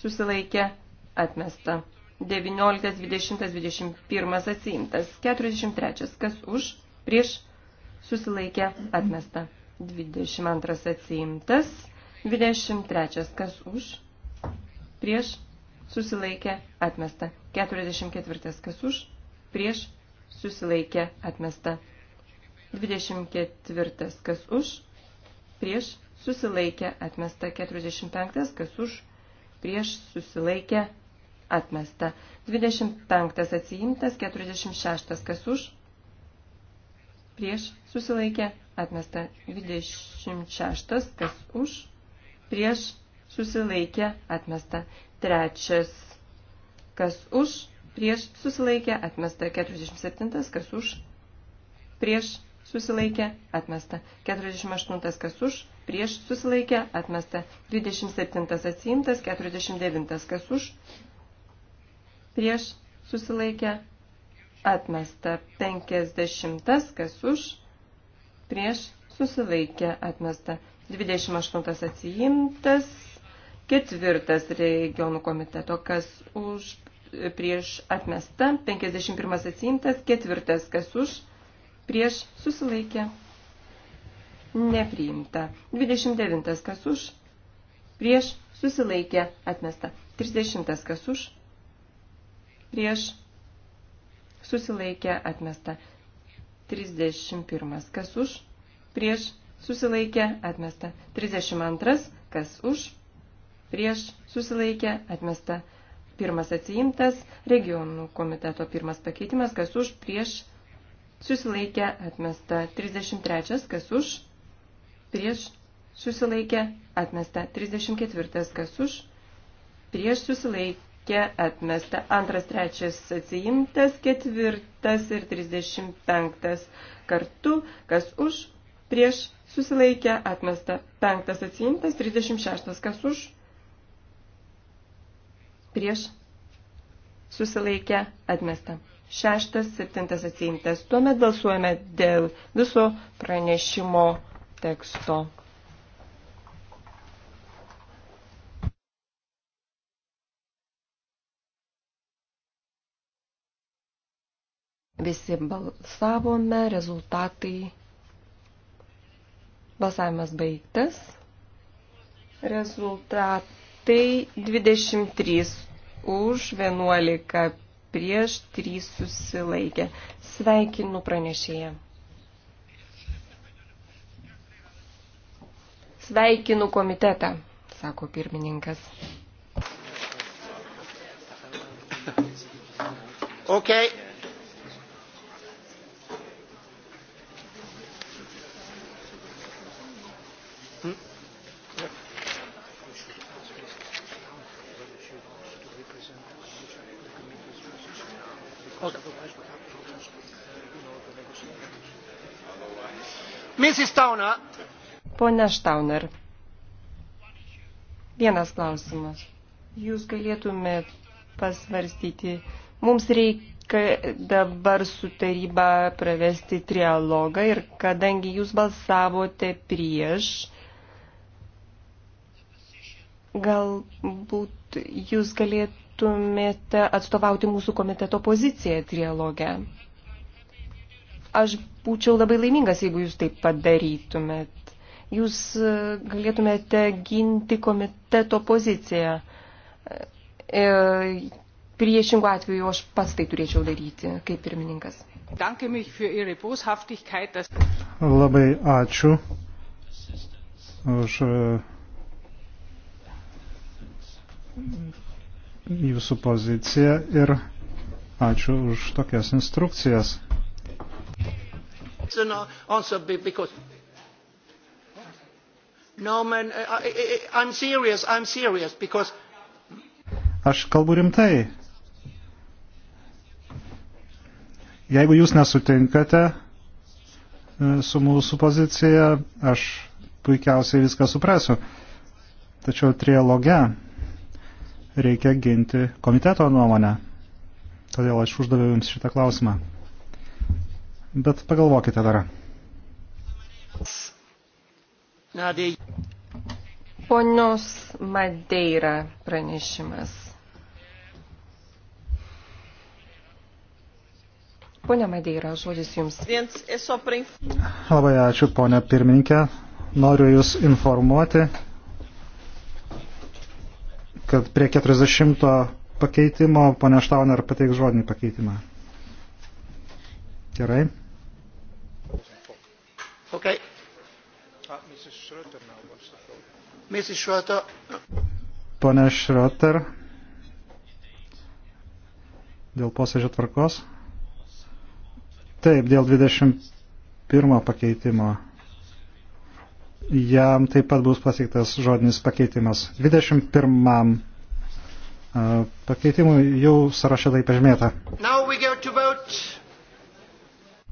susilaikė, atmesta. 19, 20, 21 atsiimtas. 43. Kas už, prieš, susilaikė, atmesta. 22 atsiimtas. 23. Kas už, prieš, susilaikė, atmesta. 44. Kas už, prieš, susilaikė, atmesta. 24. Kas už, prieš, susilaikė, atmesta. 45. Kas už, prieš, susilaikė, atmesta atmesta. 25 atsiimtas, 46 kas už, prieš susilaikė, atmesta. 26 kas už, prieš susilaikė, atmesta. Trečias kas už, prieš susilaikė, atmesta. 47 kas už, prieš susilaikė, atmesta. 48 kas už, prieš susilaikė, atmesta. 27 atsiimtas, 49 kas už, prieš susilaikę atmesta. 50 kas už prieš susilaikę atmesta. 28 atsijimtas. Ketvirtas regionų komiteto, kas už prieš atmesta, 51 atsiimtas, ketvirtas kas už, prieš susilaikė, nepriimta, 29 kas už, prieš susilaikė, atmesta, 30 kas už, prieš susilaikė atmesta. 31. Kas už? Prieš susilaikė atmesta. 32. Kas už? Prieš susilaikė atmesta. Pirmas atsiimtas. Regionų komiteto pirmas pakeitimas. Kas už? Prieš susilaikė atmesta. 33. Kas už? Prieš susilaikė atmesta. 34. Kas už? Prieš susilaikė reikia atmesta. Antras, trečias atsiimtas, ketvirtas ir 35 kartu, kas už, prieš susilaikę atmesta. Penktas atsiimtas, 36 kas už, prieš susilaikę atmesta. Šeštas, septintas atsiimtas. Tuomet balsuojame dėl viso pranešimo teksto. Visi balsavome, rezultatai. Balsavimas baigtas. Rezultatai 23 už 11 prieš 3 susilaikė. Sveikinu pranešėją. Sveikinu komitetą, sako pirmininkas. Okay. Mrs. Tauner. Pone Štauner. Vienas klausimas. Jūs galėtumėte pasvarstyti. Mums reikia dabar su taryba pravesti trialogą ir kadangi jūs balsavote prieš, galbūt jūs galėtumėte atstovauti mūsų komiteto poziciją trialogę. Aš būčiau labai laimingas, jeigu jūs taip padarytumėt. Jūs e, galėtumėte ginti komiteto poziciją. E, priešingų atveju aš pats tai turėčiau daryti, kaip pirmininkas. Labai ačiū už e, jūsų poziciją ir ačiū už tokias instrukcijas. It's an answer because. No, man, uh, I, I, I'm serious, I'm serious because. Aš kalbu rimtai. Jeigu jūs nesutinkate uh, su mūsų pozicija, aš puikiausiai viską suprasiu. Tačiau trialoge reikia ginti komiteto nuomonę. Todėl aš uždaviau Jums šitą klausimą. Bet pagalvokite dar. Ponios Madeira pranešimas. Pone Madeira, žodis Jums. Labai ačiū, ponė pirmininkė. Noriu Jūs informuoti, kad prie 40 pakeitimo ponė Štauner pateiks žodinį pakeitimą. Gerai. Okay. Pone Šrotar, dėl posėdžio tvarkos. Taip, dėl 21 pakeitimo. Jam taip pat bus pasiektas žodinis pakeitimas. 21 pakeitimui jau sąrašė tai pažymėta.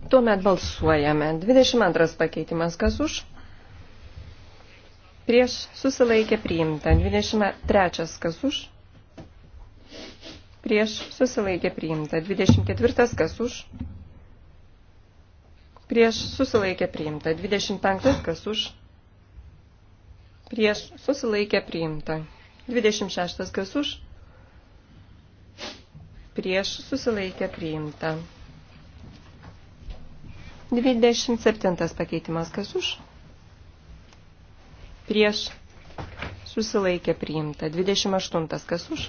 Tuomet balsuojame. 22 pakeitimas kas už? Prieš susilaikė priimta. 23 kas už? Prieš susilaikė priimta. 24 kas už? Prieš susilaikė priimta. 25 kas už? Prieš susilaikė priimta. 26 kas už? Prieš susilaikė priimta. 27 pakeitimas kas už? Prieš susilaikė priimta. 28 kas už?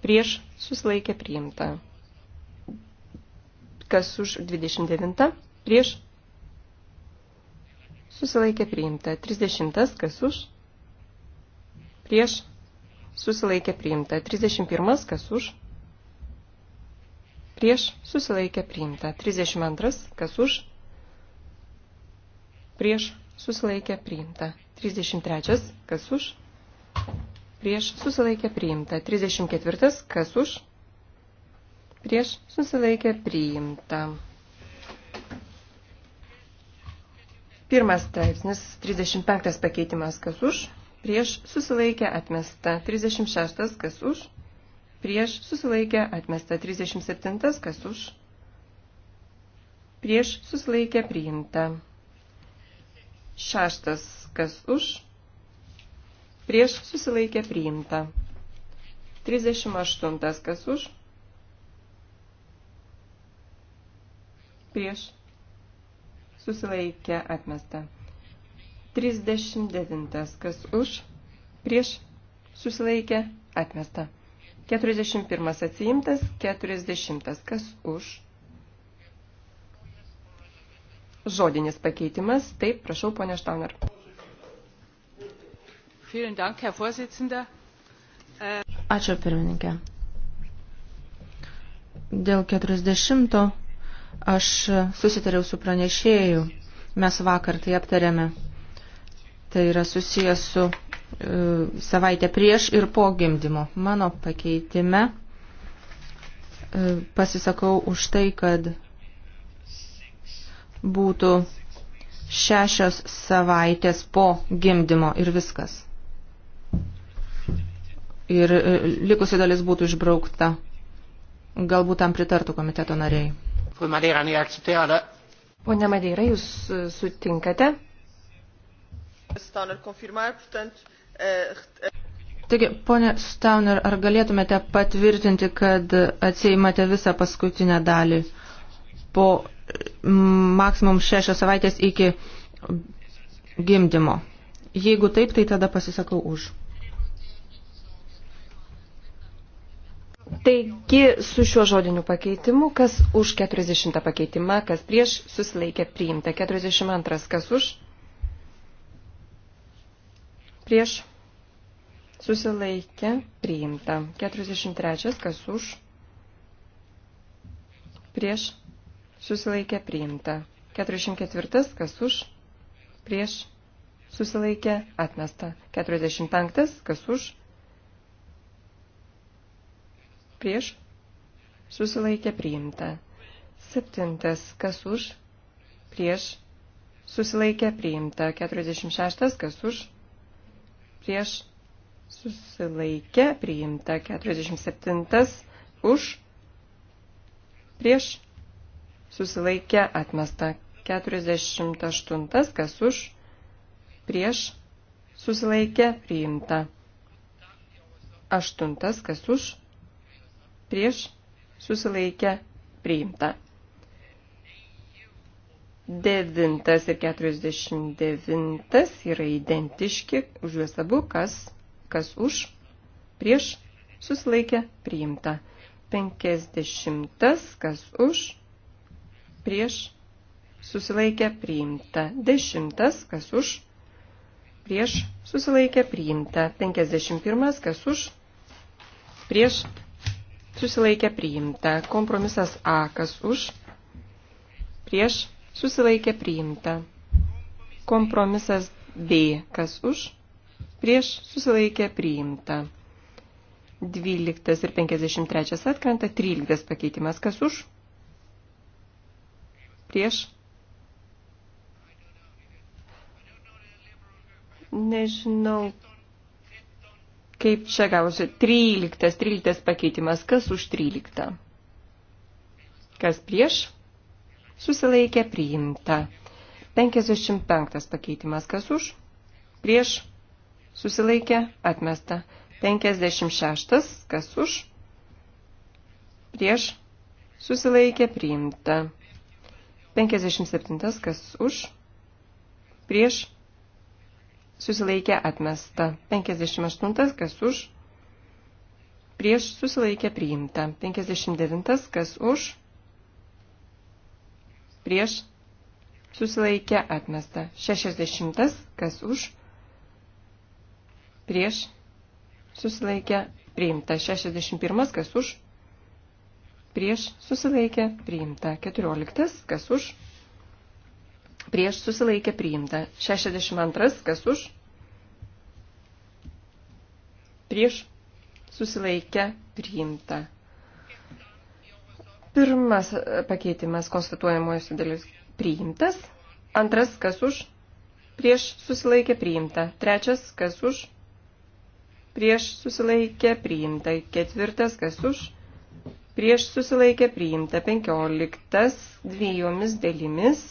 Prieš susilaikė priimta. Kas už 29? Prieš susilaikė priimta. 30 kas už? Prieš susilaikė priimta. 31 kas už? prieš susilaikė priimta. 32. Kas už, prieš susilaikė priimta. 33. Kas už, prieš susilaikė priimta. 34. Kas už, prieš susilaikė priimta. Pirmas straipsnis, 35 pakeitimas, kas už, prieš susilaikė atmesta, 36 kas už, prieš susilaikė atmesta 37, kas už, prieš susilaikė priimta. Šeštas, kas už, prieš susilaikė priimta. 38, kas už, prieš susilaikė atmesta. 39, kas už, prieš susilaikė atmesta. 41 atsiimtas, 40 kas už. Žodinis pakeitimas. Taip, prašau, ponia Štauner. Äh, Ačiū, pirmininkė. Dėl 40 aš susitariau su pranešėju. Mes vakar tai aptarėme. Tai yra susijęs su E, savaitę prieš ir po gimdymo. Mano pakeitime e, pasisakau už tai, kad būtų šešios savaitės po gimdymo ir viskas. Ir e, likusi dalis būtų išbraukta. Galbūt tam pritartų komiteto nariai. Pone Madeira, jūs sutinkate? Stanor confirmar, portanto, Taigi, ponė Stauner, ar galėtumėte patvirtinti, kad atsijimate visą paskutinę dalį po maksimum šešios savaitės iki gimdymo? Jeigu taip, tai tada pasisakau už. Taigi, su šiuo žodiniu pakeitimu, kas už 40 pakeitimą, kas prieš, susilaikė priimta. 42, kas už, prieš susilaikė priimta. 43. Kas už prieš susilaikė priimta. 44. Kas už prieš susilaikė atmesta. 45. Kas už prieš susilaikė priimta. 7. Kas už prieš susilaikė priimta. 46. Kas už prieš prieš susilaikė, priimta 47 už, prieš susilaikė, atmesta 48, kas už, prieš susilaikė, priimta 8, kas už, prieš susilaikė, priimta. 49 ir 49 yra identiški, už juos abu, kas, kas už, prieš, susilaikė, priimta. 50, kas už, prieš, susilaikė, priimta. 10, kas už, prieš, susilaikė, priimta. 51, kas už, prieš, susilaikė, priimta. Kompromisas A, kas už, prieš, susilaikė priimta. Kompromisas B, kas už, prieš susilaikė priimta. 12 ir 53 atkrenta, 13 pakeitimas, kas už, prieš. Nežinau, kaip čia gausi. 13, 13 pakeitimas, kas už 13? Kas prieš? susilaikė priimta. 55 pakeitimas kas už, prieš, susilaikė atmesta. 56 kas už, prieš, susilaikė priimta. 57 kas už, prieš, susilaikė atmesta. 58 kas už, prieš susilaikė priimta. 59 kas už, prieš susilaikė atmesta. 60. Kas už? Prieš susilaikė priimta. 61. Kas už? Prieš susilaikė priimta. 14. Kas už? Prieš susilaikė priimta. 62. Kas už? Prieš susilaikė priimta. Pirmas pakeitimas konstatuojamojo dalis priimtas. Antras, kas už, prieš susilaikė priimta. Trečias, kas už, prieš susilaikė priimta. Ketvirtas, kas už, prieš susilaikė priimta. Penkioliktas, dviejomis dalimis.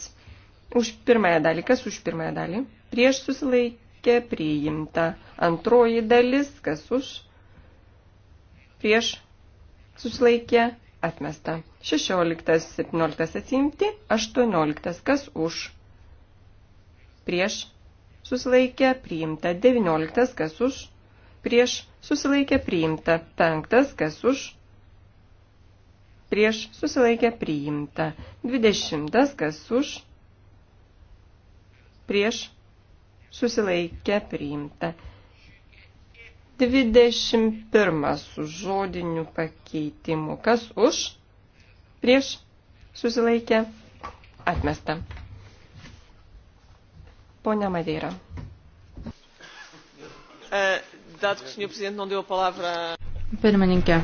Už pirmąją dalį, kas už pirmąją dalį, prieš susilaikė priimta. Antroji dalis, kas už, prieš susilaikė atmesta. 16, 17 atsimti, 18 kas už, prieš susilaikė priimta, 19 kas už, prieš susilaikė priimta, 5 kas už, prieš susilaikė priimta, 20 kas už, prieš susilaikė priimta. 21 su žodiniu pakeitimu. Kas už? Prieš susilaikė atmesta. Pone Madeira. E, Pirmininkė,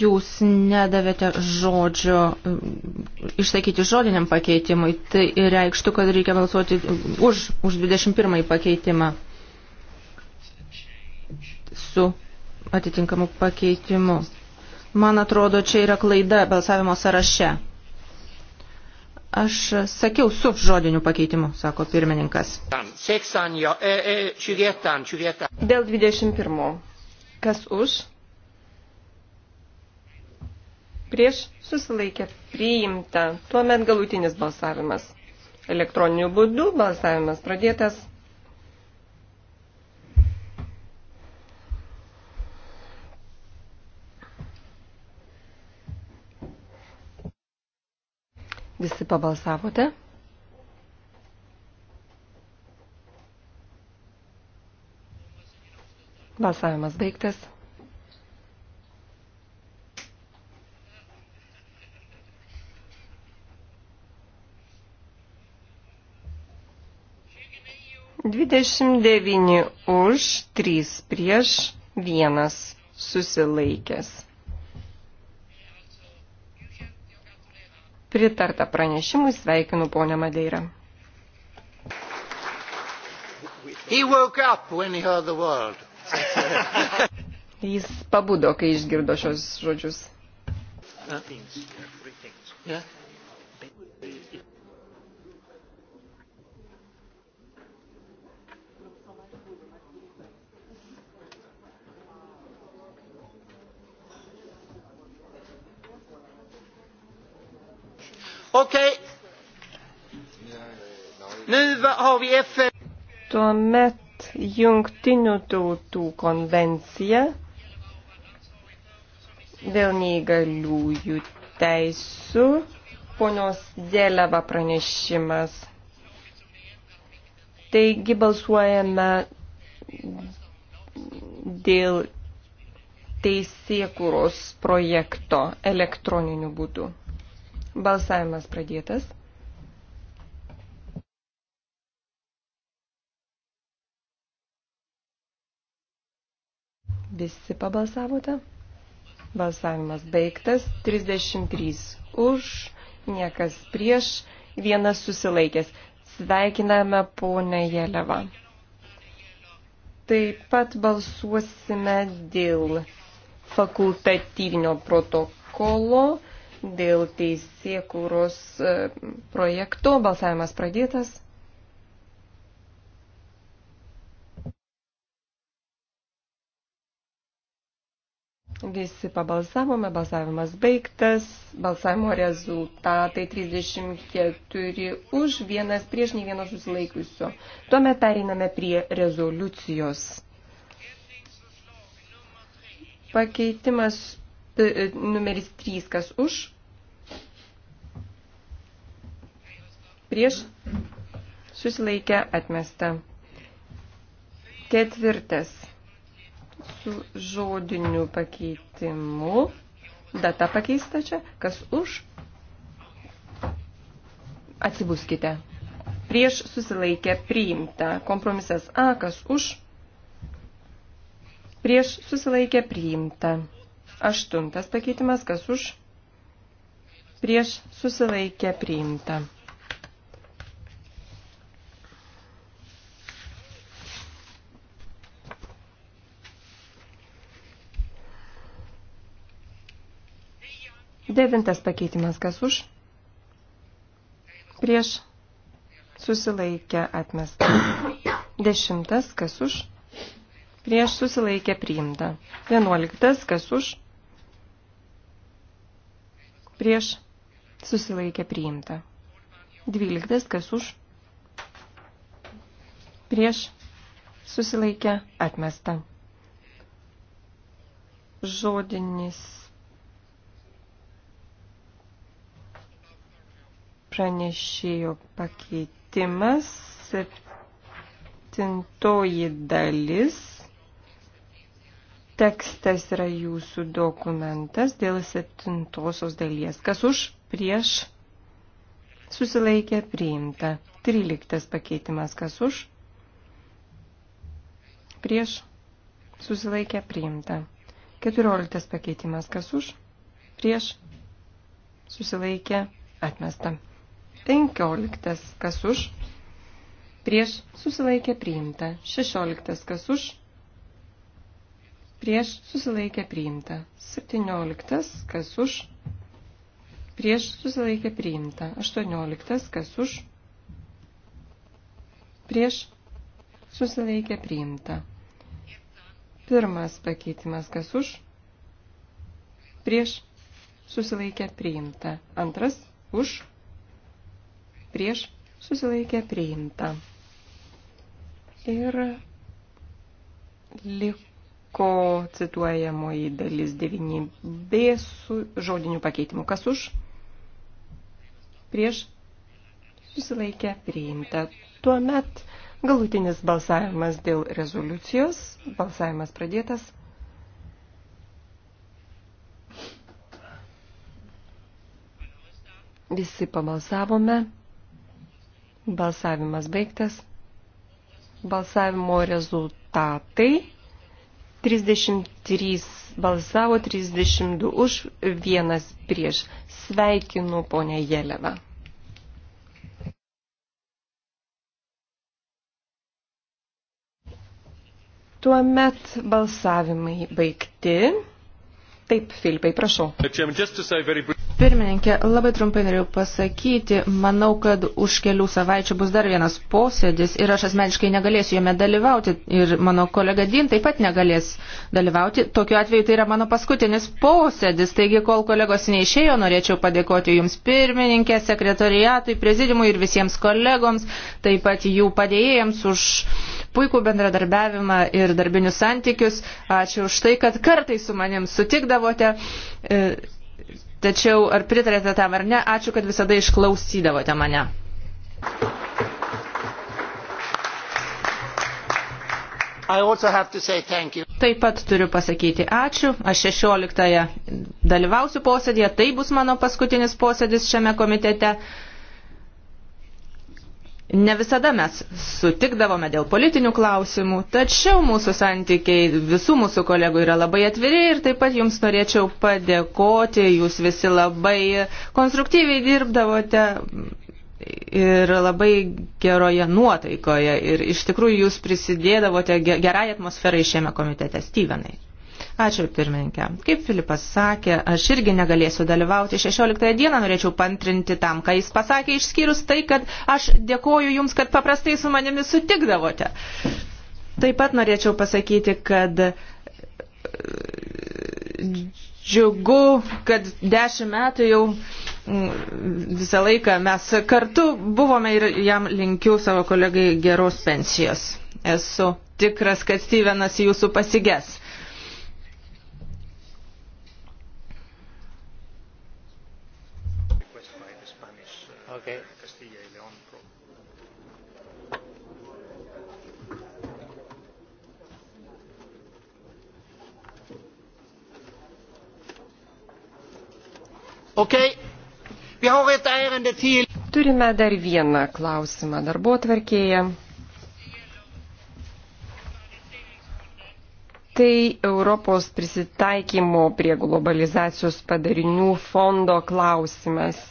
jūs nedavėte žodžio išsakyti žodiniam pakeitimui, tai reikštų, kad reikia balsuoti už, už 21 pakeitimą su atitinkamu pakeitimu. Man atrodo, čia yra klaida balsavimo sąraše. Aš sakiau su žodiniu pakeitimu, sako pirmininkas. Dėl 21. Kas už? Prieš susilaikė priimta. Tuomet galutinis balsavimas. Elektroniniu būdu balsavimas pradėtas. Visi pabalsavote? Balsavimas baigtas. Dvidešimt devyni už, trys prieš, vienas susilaikęs. pritarta pranešimui, sveikinu ponę Madeirą. Jis pabudo, kai išgirdo šios žodžius. Yeah. Okei. Okay. Nu har vi FN. Tuomet jungtinių tautų konvencija dėl neįgaliųjų teisų. Ponios Dėleva pranešimas. Taigi balsuojame dėl teisėkūros projekto elektroniniu būdu. Balsavimas pradėtas. Visi pabalsavote? Balsavimas baigtas. 33 už, niekas prieš, vienas susilaikęs. Sveikiname ponę Jelevą. Taip pat balsuosime dėl fakultatyvinio protokolo dėl teisėkūros e, projekto. Balsavimas pradėtas. Visi pabalsavome, balsavimas baigtas, balsavimo rezultatai 34 už, vienas prieš, nei vieno susilaikiusio. Tuomet pereiname prie rezoliucijos. Pakeitimas e, e, numeris 3, kas už, prieš susilaikę atmesta. Ketvirtas su žodiniu pakeitimu. Data pakeista čia. Kas už? Atsibuskite. Prieš susilaikę priimta. Kompromisas A. Kas už? Prieš susilaikę priimta. Aštuntas pakeitimas. Kas už? Prieš susilaikę priimta. Devintas pakeitimas kas už? Prieš susilaikę atmestą. Dešimtas kas už? Prieš susilaikę priimta. Vienuoliktas kas už? Prieš susilaikę priimta. Dvyliktas kas už? Prieš susilaikę atmestą. Žodinis pranešėjo pakeitimas, septintoji dalis. Tekstas yra jūsų dokumentas dėl septintosios dalies. Kas už, prieš, susilaikė, priimta. Tryliktas pakeitimas, kas už, prieš, susilaikė, priimta. Keturioliktas pakeitimas, kas už, prieš, susilaikė, atmesta. 15 kas už, prieš susilaikė priimta, 16 kas už, prieš susilaikė priimta, 17 kas už, prieš susilaikė priimta, 18 kas už, prieš susilaikė priimta. Pirmas pakeitimas kas už, prieš susilaikė priimta, antras už, prieš susilaikė priimta. Ir liko cituojamoji dalis 9b su žodiniu pakeitimu. Kas už? Prieš susilaikė priimta. Tuomet galutinis balsavimas dėl rezoliucijos. Balsavimas pradėtas. Visi pabalsavome. Balsavimas baigtas. Balsavimo rezultatai. 33 balsavo, 32 už, vienas prieš. Sveikinu ponę Jelevą. Tuomet balsavimai baigti. Taip, Filipai, prašau. Pirmininkė, labai trumpai noriu pasakyti, manau, kad už kelių savaičių bus dar vienas posėdis ir aš asmeniškai negalėsiu jame dalyvauti ir mano kolega Din taip pat negalės dalyvauti. Tokiu atveju tai yra mano paskutinis posėdis, taigi kol kolegos neišėjo, norėčiau padėkoti Jums pirmininkė, sekretoriatui, prezidimui ir visiems kolegoms, taip pat jų padėjėjams už puikų bendradarbiavimą ir darbinius santykius. Ačiū už tai, kad kartai su manim sutikdavote klausydavote. E, tačiau ar pritarėte tam ar ne, ačiū, kad visada išklausydavote mane. Taip pat turiu pasakyti ačiū. Aš 16-ąją dalyvausiu posėdėje. Tai bus mano paskutinis posėdis šiame komitete. Ne visada mes sutikdavome dėl politinių klausimų, tačiau mūsų santykiai visų mūsų kolegų yra labai atviri ir taip pat jums norėčiau padėkoti, jūs visi labai konstruktyviai dirbdavote ir labai geroje nuotaikoje ir iš tikrųjų jūs prisidėdavote gerai atmosferai šiame komitete, Stevenai. Ačiū pirmininkė. Kaip Filipas sakė, aš irgi negalėsiu dalyvauti. 16 dieną norėčiau pantrinti tam, ką jis pasakė, išskyrus tai, kad aš dėkoju Jums, kad paprastai su manimi sutikdavote. Taip pat norėčiau pasakyti, kad e, džiugu, kad 10 metų jau visą laiką mes kartu buvome ir jam linkiu savo kolegai geros pensijos. Esu tikras, kad Stevenas jūsų pasiges. Okay. Castilla y León. Okay. Turime dar vieną klausimą darbo atverkėje. Tai Europos prisitaikymo prie globalizacijos padarinių fondo klausimas.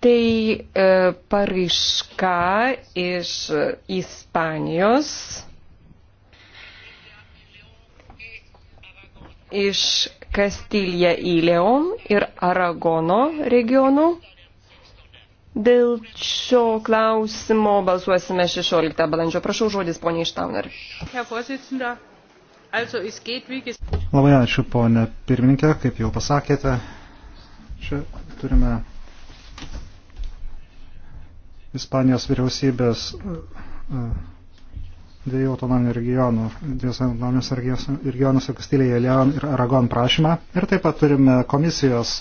Tai e, paraiška iš Ispanijos, iš Kastilija į Leon ir Aragono regionų. Dėl šio klausimo balsuosime 16 balandžio. Prašau žodis, ponia Ištauner. Labai ačiū, ponia pirmininkė, kaip jau pasakėte. Čia turime Ispanijos vyriausybės e, e, dviejų autonominių regionų, dviejose autonominius regionuose Kastilėje, Leon ir Aragon prašymą. Ir taip pat turime komisijos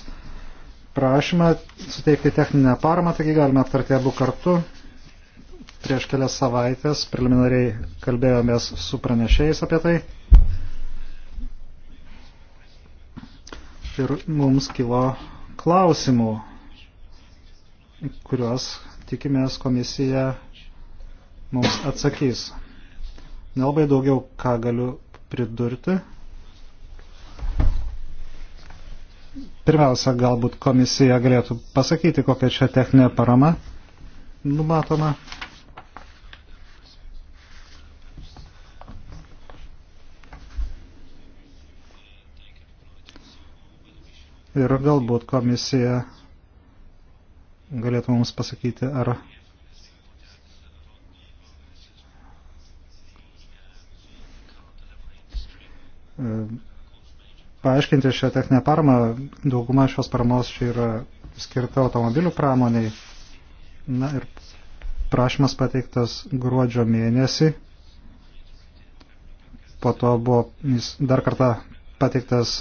prašymą suteikti techninę paramą, taigi galime aptarti abu kartu. Prieš kelias savaitės preliminariai kalbėjomės su pranešėjais apie tai. Ir mums kilo klausimų, kuriuos tikimės komisija mums atsakys. Nelabai daugiau ką galiu pridurti. Pirmiausia, galbūt komisija galėtų pasakyti, kokia čia techninė parama numatoma. Ir galbūt komisija galėtų mums pasakyti, ar paaiškinti šią techninę paramą. Dauguma šios paramos čia yra skirta automobilių pramoniai. Na ir prašymas pateiktas gruodžio mėnesį. Po to buvo jis dar kartą pateiktas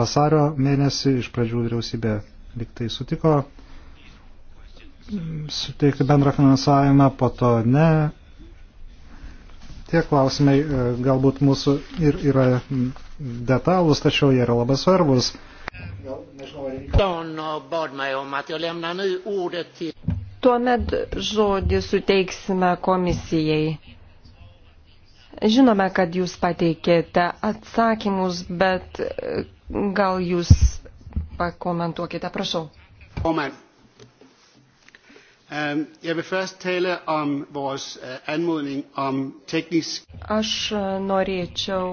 vasario mėnesį. Iš pradžių vyriausybė liktai sutiko suteikti bendrą finansavimą, po to ne. Tie klausimai e, galbūt mūsų ir yra detalūs, tačiau jie yra labai svarbus. Nu Tuomet žodį suteiksime komisijai. Žinome, kad jūs pateikėte atsakymus, bet e, gal jūs pakomentuokite, prašau. Comment. Um, jeg vil først tale om vores uh, anmodning om teknisk. Aš uh, norėčiau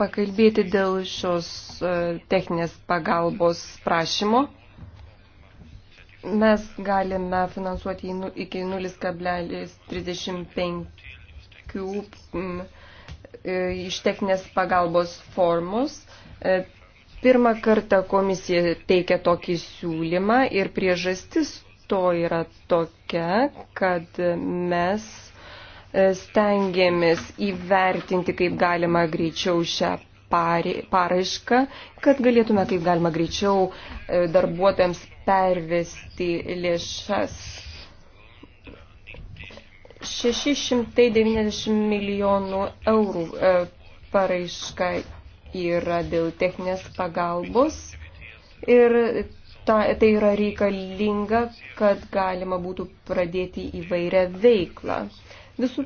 pakalbėti dėl šios uh, techninės pagalbos prašymo. Mes galime finansuoti jį nu, iki 0,35 mm, e, iš techninės pagalbos formos. E, Pirmą kartą komisija teikia tokį siūlymą ir priežastis to yra tokia, kad mes e, stengiamės įvertinti, kaip galima greičiau šią paraišką, kad galėtume kaip galima greičiau e, darbuotojams pervesti lėšas. 690 milijonų eurų e, paraiška yra dėl techninės pagalbos ir ta, tai yra reikalinga, kad galima būtų pradėti įvairią veiklą. Visų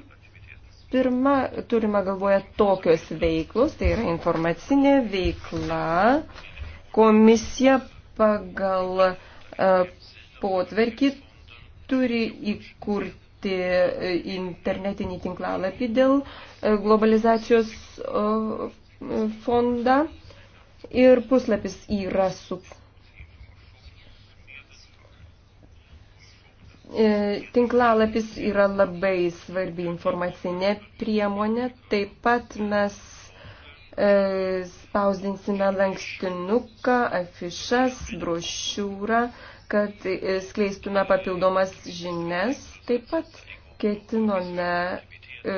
pirma, turime galvoje tokios veiklos, tai yra informacinė veikla, komisija pagal uh, potverkį turi įkurti įkurti e, internetinį tinklalapį dėl e, globalizacijos fondą ir puslapis yra su e, Tinklalapis yra labai svarbi informacinė priemonė. Taip pat mes e, spausdinsime lankstinuką, afišas, brošiūrą, kad e, skleistume papildomas žinias. Taip pat ketinome E,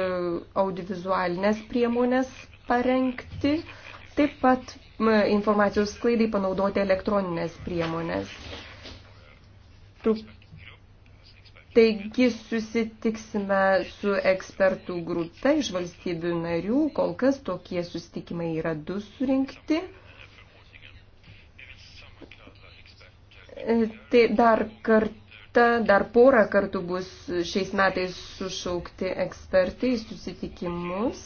audiovizualinės priemonės parengti, taip pat informacijos sklaidai panaudoti elektroninės priemonės. Taigi susitiksime su ekspertų grupė iš valstybių narių, kol kas tokie susitikimai yra du surinkti. E, tai dar kartą kartą, dar porą kartų bus šiais metais sušaukti ekspertai susitikimus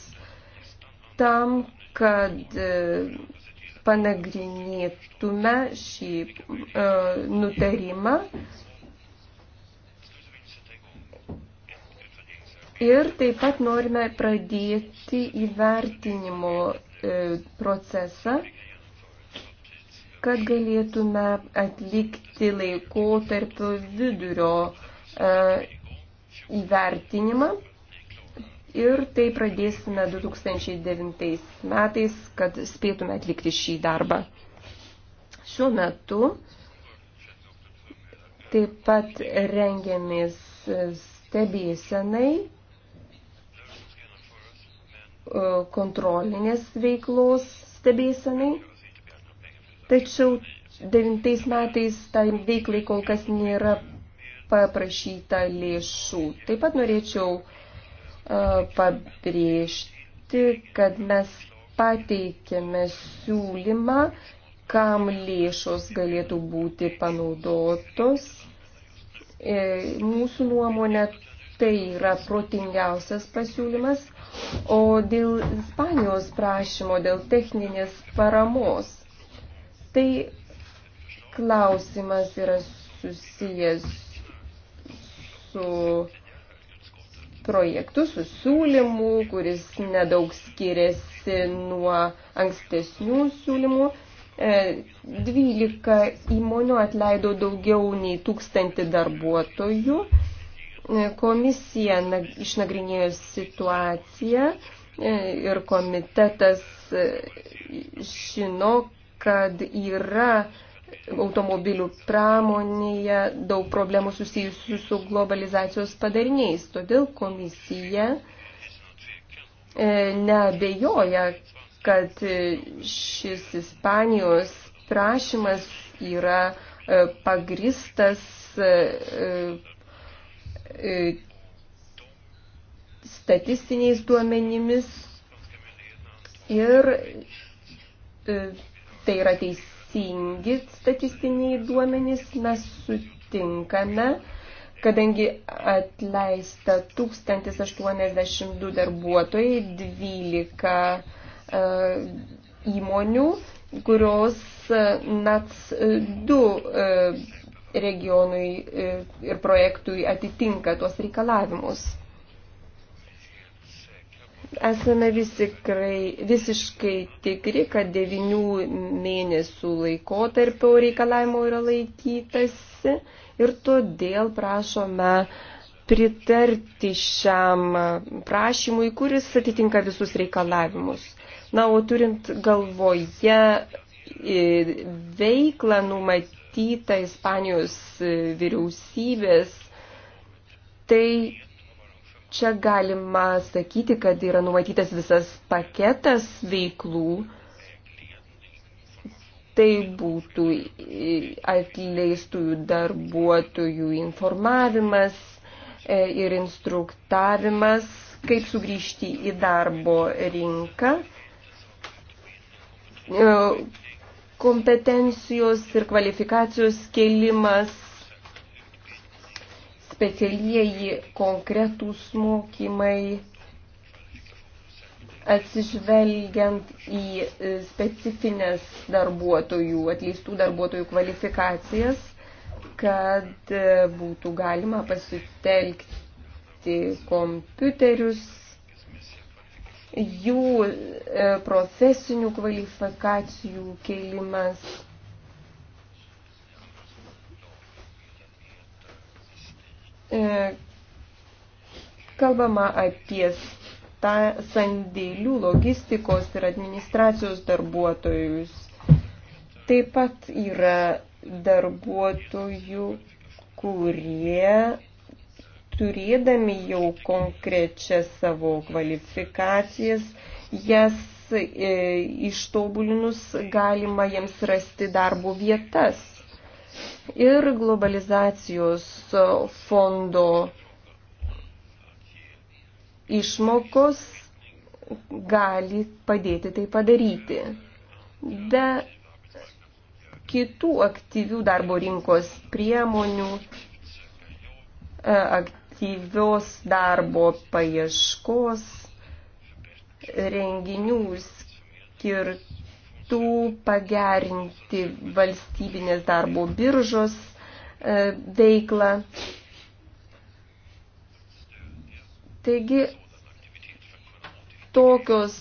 tam, kad e, panagrinėtume šį e, nutarimą ir taip pat norime pradėti įvertinimo e, procesą kad galėtume atlikti laikotarpio vidurio e, įvertinimą. Ir tai pradėsime 2009 metais, kad spėtume atlikti šį darbą. Šiuo metu taip pat rengiamės stebėsenai e, kontrolinės veiklos stebėsenai Tačiau devintais metais tai veiklai kol kas nėra paprašyta lėšų. Taip pat norėčiau uh, pabrėžti, kad mes pateikėme siūlymą, kam lėšos galėtų būti panaudotos. E, mūsų nuomonė tai yra protingiausias pasiūlymas, o dėl Ispanijos prašymo, dėl techninės paramos Tai klausimas yra susijęs su projektu, su siūlymu, kuris nedaug skiriasi nuo ankstesnių siūlymų. 12 e, įmonių atleido daugiau nei tūkstantį darbuotojų. E, komisija išnagrinėjo situaciją e, ir komitetas žino, kad yra automobilių pramonėje daug problemų susijusių su globalizacijos padariniais. Todėl komisija e, neabejoja, kad šis Ispanijos prašymas yra e, pagristas e, statistiniais duomenimis ir tai yra teisingi statistiniai duomenys, mes sutinkame, kadangi atleista 1082 darbuotojai, 12 e, įmonių, kurios e, NATS 2 e, regionui ir projektui atitinka tuos reikalavimus esame visikrai, visiškai tikri, kad devinių mėnesių laikotarpio reikalavimo yra laikytasi ir todėl prašome pritarti šiam prašymui, kuris atitinka visus reikalavimus. Na, o turint galvoje e, veiklą numatytą Ispanijos e, vyriausybės, tai Čia galima sakyti, kad yra numatytas visas paketas veiklų. Tai būtų atleistųjų darbuotojų informavimas e, ir instruktavimas, kaip sugrįžti į darbo rinką, e, kompetencijos ir kvalifikacijos kelimas, specialieji konkretūs mokymai, atsižvelgiant į e, specifines darbuotojų, atleistų darbuotojų kvalifikacijas, kad e, būtų galima pasitelkti kompiuterius, jų e, profesinių kvalifikacijų keilimas E, kalbama apie sandėlių logistikos ir administracijos darbuotojus. Taip pat yra darbuotojų, kurie turėdami jau konkrečias savo kvalifikacijas, jas e, ištobulinus galima jiems rasti darbo vietas ir globalizacijos fondo išmokos gali padėti tai padaryti. Be kitų aktyvių darbo rinkos priemonių, e, aktyvios darbo paieškos, renginių skirtų reikėtų pagerinti valstybinės darbo biržos e, veiklą. Taigi, tokios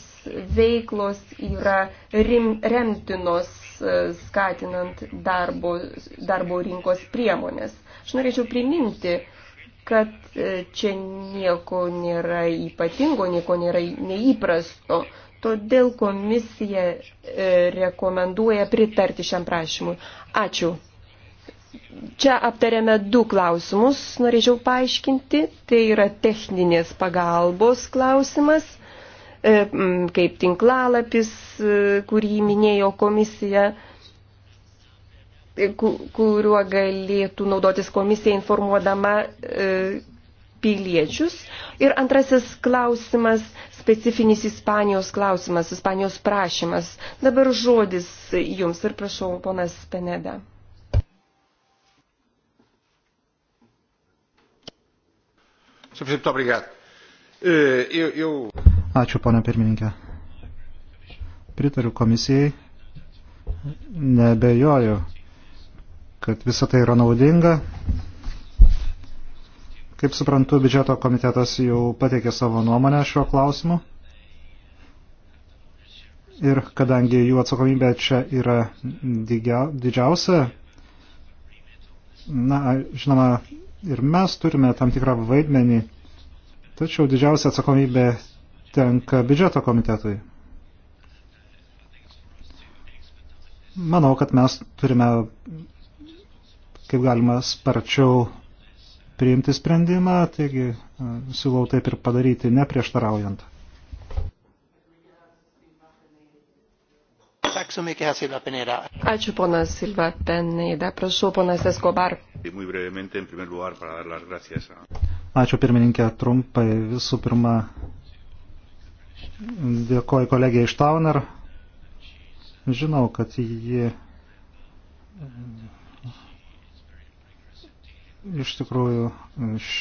veiklos yra rim, remtinos e, skatinant darbo, darbo rinkos priemonės. Aš norėčiau priminti, kad e, čia nieko nėra ypatingo, nieko nėra neįprasto. Todėl komisija e, rekomenduoja pritarti šiam prašymui. Ačiū. Čia aptarėme du klausimus, norėčiau paaiškinti. Tai yra techninės pagalbos klausimas, e, kaip tinklalapis, e, kurį minėjo komisija kuriuo galėtų naudotis komisija informuodama piliečius. Ir antrasis klausimas, specifinis Ispanijos klausimas, Ispanijos prašymas. Dabar žodis jums ir prašau, ponas Peneda. Eh, Ačiū, ponia pirmininkė. Pritariu komisijai. Nebejoju, kad visa tai yra naudinga Kaip suprantu, biudžeto komitetas jau pateikė savo nuomonę šiuo klausimu. Ir kadangi jų atsakomybė čia yra didžiausia, na, žinoma, ir mes turime tam tikrą vaidmenį, tačiau didžiausia atsakomybė tenka biudžeto komitetui. Manau, kad mes turime kaip galima sparčiau priimti sprendimą, taigi e, siūlau taip ir padaryti, neprieštaraujant. Ačiū, ponas Silva Peneida. Prašau, ponas Escobar. Ačiū, pirmininkė, trumpai. Visų pirma, dėkoju kolegijai iš Tauner. Žinau, kad ji iš tikrųjų š,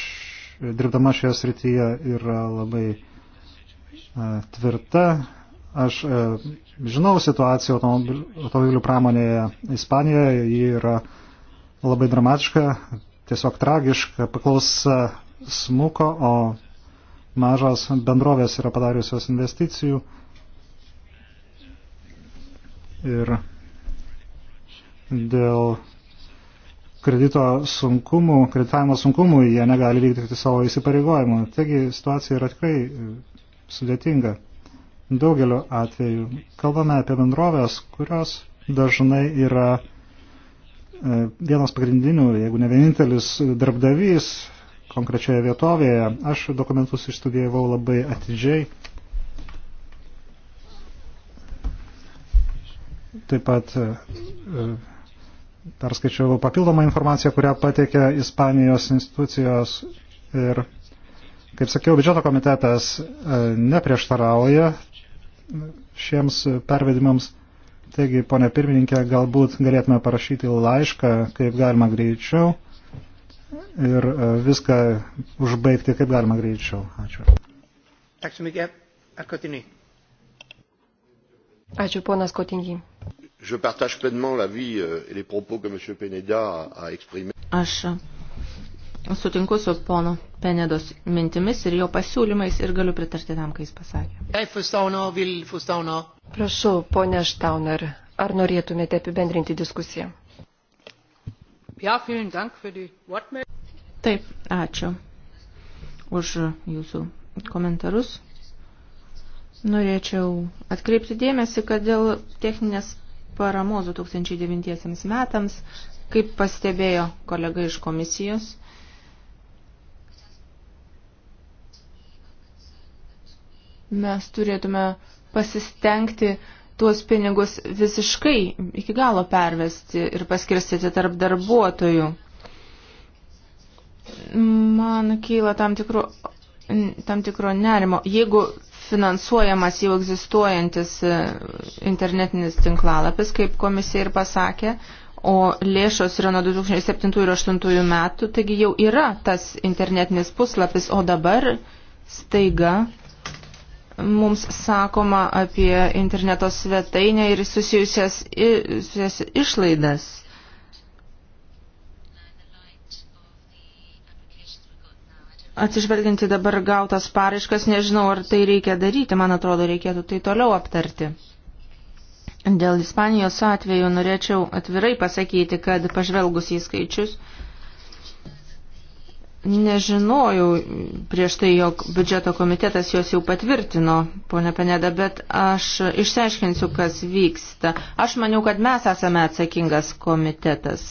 dirbdama šioje srityje yra labai a, e, tvirta. Aš a, e, žinau situaciją automobilių pramonėje Ispanijoje, ji yra labai dramatiška, tiesiog tragiška, paklausa smuko, o mažos bendrovės yra padariusios investicijų. Ir dėl kredito sunkumų, kreditavimo sunkumų, jie negali vykdyti savo įsipareigojimų. Taigi situacija yra tikrai e, sudėtinga. Daugeliu atveju kalbame apie bendrovės, kurios dažnai yra e, vienas pagrindinių, jeigu ne vienintelis darbdavys konkrečioje vietovėje. Aš dokumentus išstudijavau labai atidžiai. Taip pat e, perskaičiau papildomą informaciją, kurią pateikė Ispanijos institucijos ir, kaip sakiau, biudžeto komitetas e, neprieštarauja šiems pervedimams. Taigi, ponė pirmininkė, galbūt galėtume parašyti laišką, kaip galima greičiau ir e, viską užbaigti, kaip galima greičiau. Ačiū. Ačiū, ponas Kotingi je partage pleinement l'avis euh, et les propos que m. Pineda a exprimés. Aš uh, sutinku su pono Penedos mintimis ir jo pasiūlymais ir galiu pritarti tam, kai jis pasakė. Eh, Prašau, ponė Štauner, ar norėtumėte apibendrinti diskusiją? Taip, ačiū už jūsų komentarus. Norėčiau atkreipti dėmesį, kad dėl techninės paramos 2009 metams, kaip pastebėjo kolega iš komisijos. Mes turėtume pasistengti tuos pinigus visiškai iki galo pervesti ir paskirstyti tarp darbuotojų. Man kyla tam tikro, tam tikro nerimo. Jeigu finansuojamas jau egzistuojantis e, internetinis tinklalapis, kaip komisija ir pasakė, o lėšos yra nuo 2007 ir 2008 metų, taigi jau yra tas internetinis puslapis, o dabar staiga mums sakoma apie interneto svetainę ir susijusias išlaidas. Atsižvelginti dabar gautas paraiškas, nežinau, ar tai reikia daryti, man atrodo, reikėtų tai toliau aptarti. Dėl Ispanijos atveju norėčiau atvirai pasakyti, kad pažvelgus į skaičius, nežinojau prieš tai, jog biudžeto komitetas juos jau patvirtino, ponia Peneda, bet aš išsiaiškinsiu, kas vyksta. Aš maniau, kad mes esame atsakingas komitetas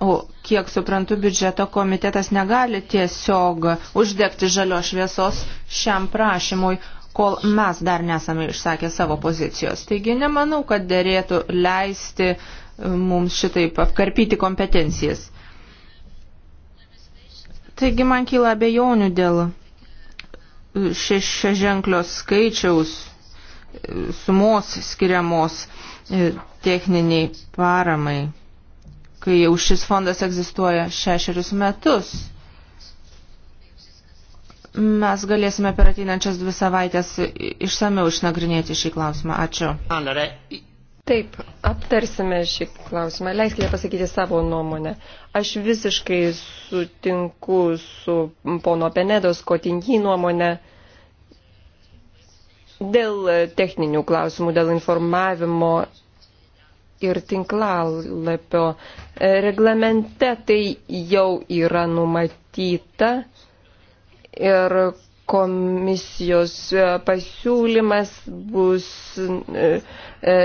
O kiek suprantu, biudžeto komitetas negali tiesiog uždegti žalios šviesos šiam prašymui, kol mes dar nesame išsakę savo pozicijos. Taigi nemanau, kad dėrėtų leisti e, mums šitaip apkarpyti kompetencijas. Taigi man kyla abejonių dėl e, šešia ženklio skaičiaus e, sumos skiriamos techniniai paramai kai jau šis fondas egzistuoja šešerius metus. Mes galėsime per ateinančias dvi savaitės išsameu išnagrinėti šį klausimą. Ačiū. Taip, aptarsime šį klausimą. Leiskite pasakyti savo nuomonę. Aš visiškai sutinku su pono Penedos Kotinjį nuomonę dėl techninių klausimų, dėl informavimo ir tinklalapio reglamente tai jau yra numatyta ir komisijos pasiūlymas bus e, e,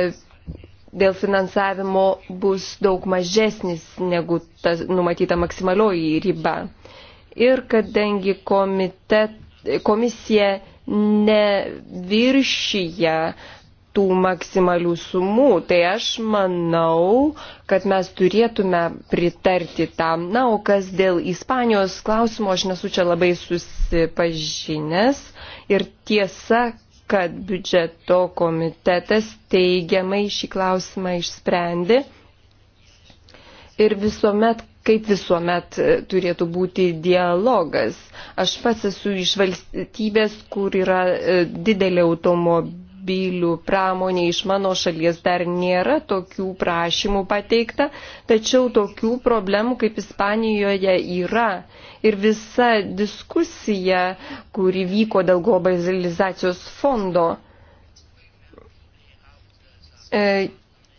dėl finansavimo bus daug mažesnis negu ta numatyta maksimalioji riba. Ir kadangi komitet, komisija neviršyje tų maksimalių sumų. Tai aš manau, kad mes turėtume pritarti tam. Na, o kas dėl Ispanijos klausimo, aš nesu čia labai susipažinęs. Ir tiesa, kad biudžeto komitetas teigiamai šį klausimą išsprendė. Ir visuomet, kaip visuomet turėtų būti dialogas. Aš pats esu iš valstybės, kur yra e, didelė automobilė automobilių pramonė iš mano šalies dar nėra tokių prašymų pateikta, tačiau tokių problemų kaip Ispanijoje yra. Ir visa diskusija, kuri vyko dėl globalizacijos fondo, e,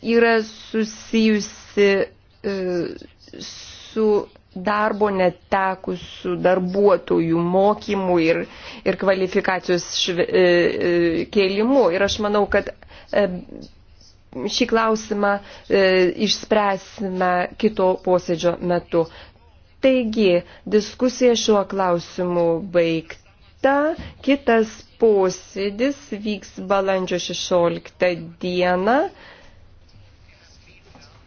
yra susijusi e, su darbo netekusių darbuotojų mokymų ir, ir kvalifikacijos šve, e, e kėlimų. Ir aš manau, kad e, šį klausimą e, išspręsime kito posėdžio metu. Taigi, diskusija šiuo klausimu baigta. Kitas posėdis vyks balandžio 16 dieną.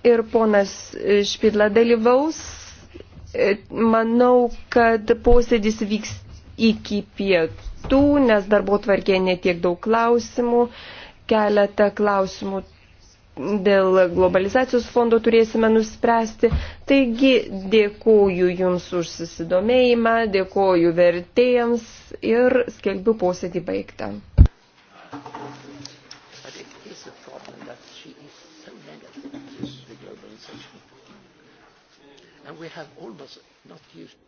Ir ponas Špidla dalyvaus E, manau, kad posėdis vyks iki pietų, nes darbo tvarkė netiek daug klausimų. Keletą klausimų dėl globalizacijos fondo turėsime nuspręsti. Taigi dėkoju Jums už susidomėjimą, dėkoju vertėjams ir skelbiu posėdį baigtą. and we have almost not used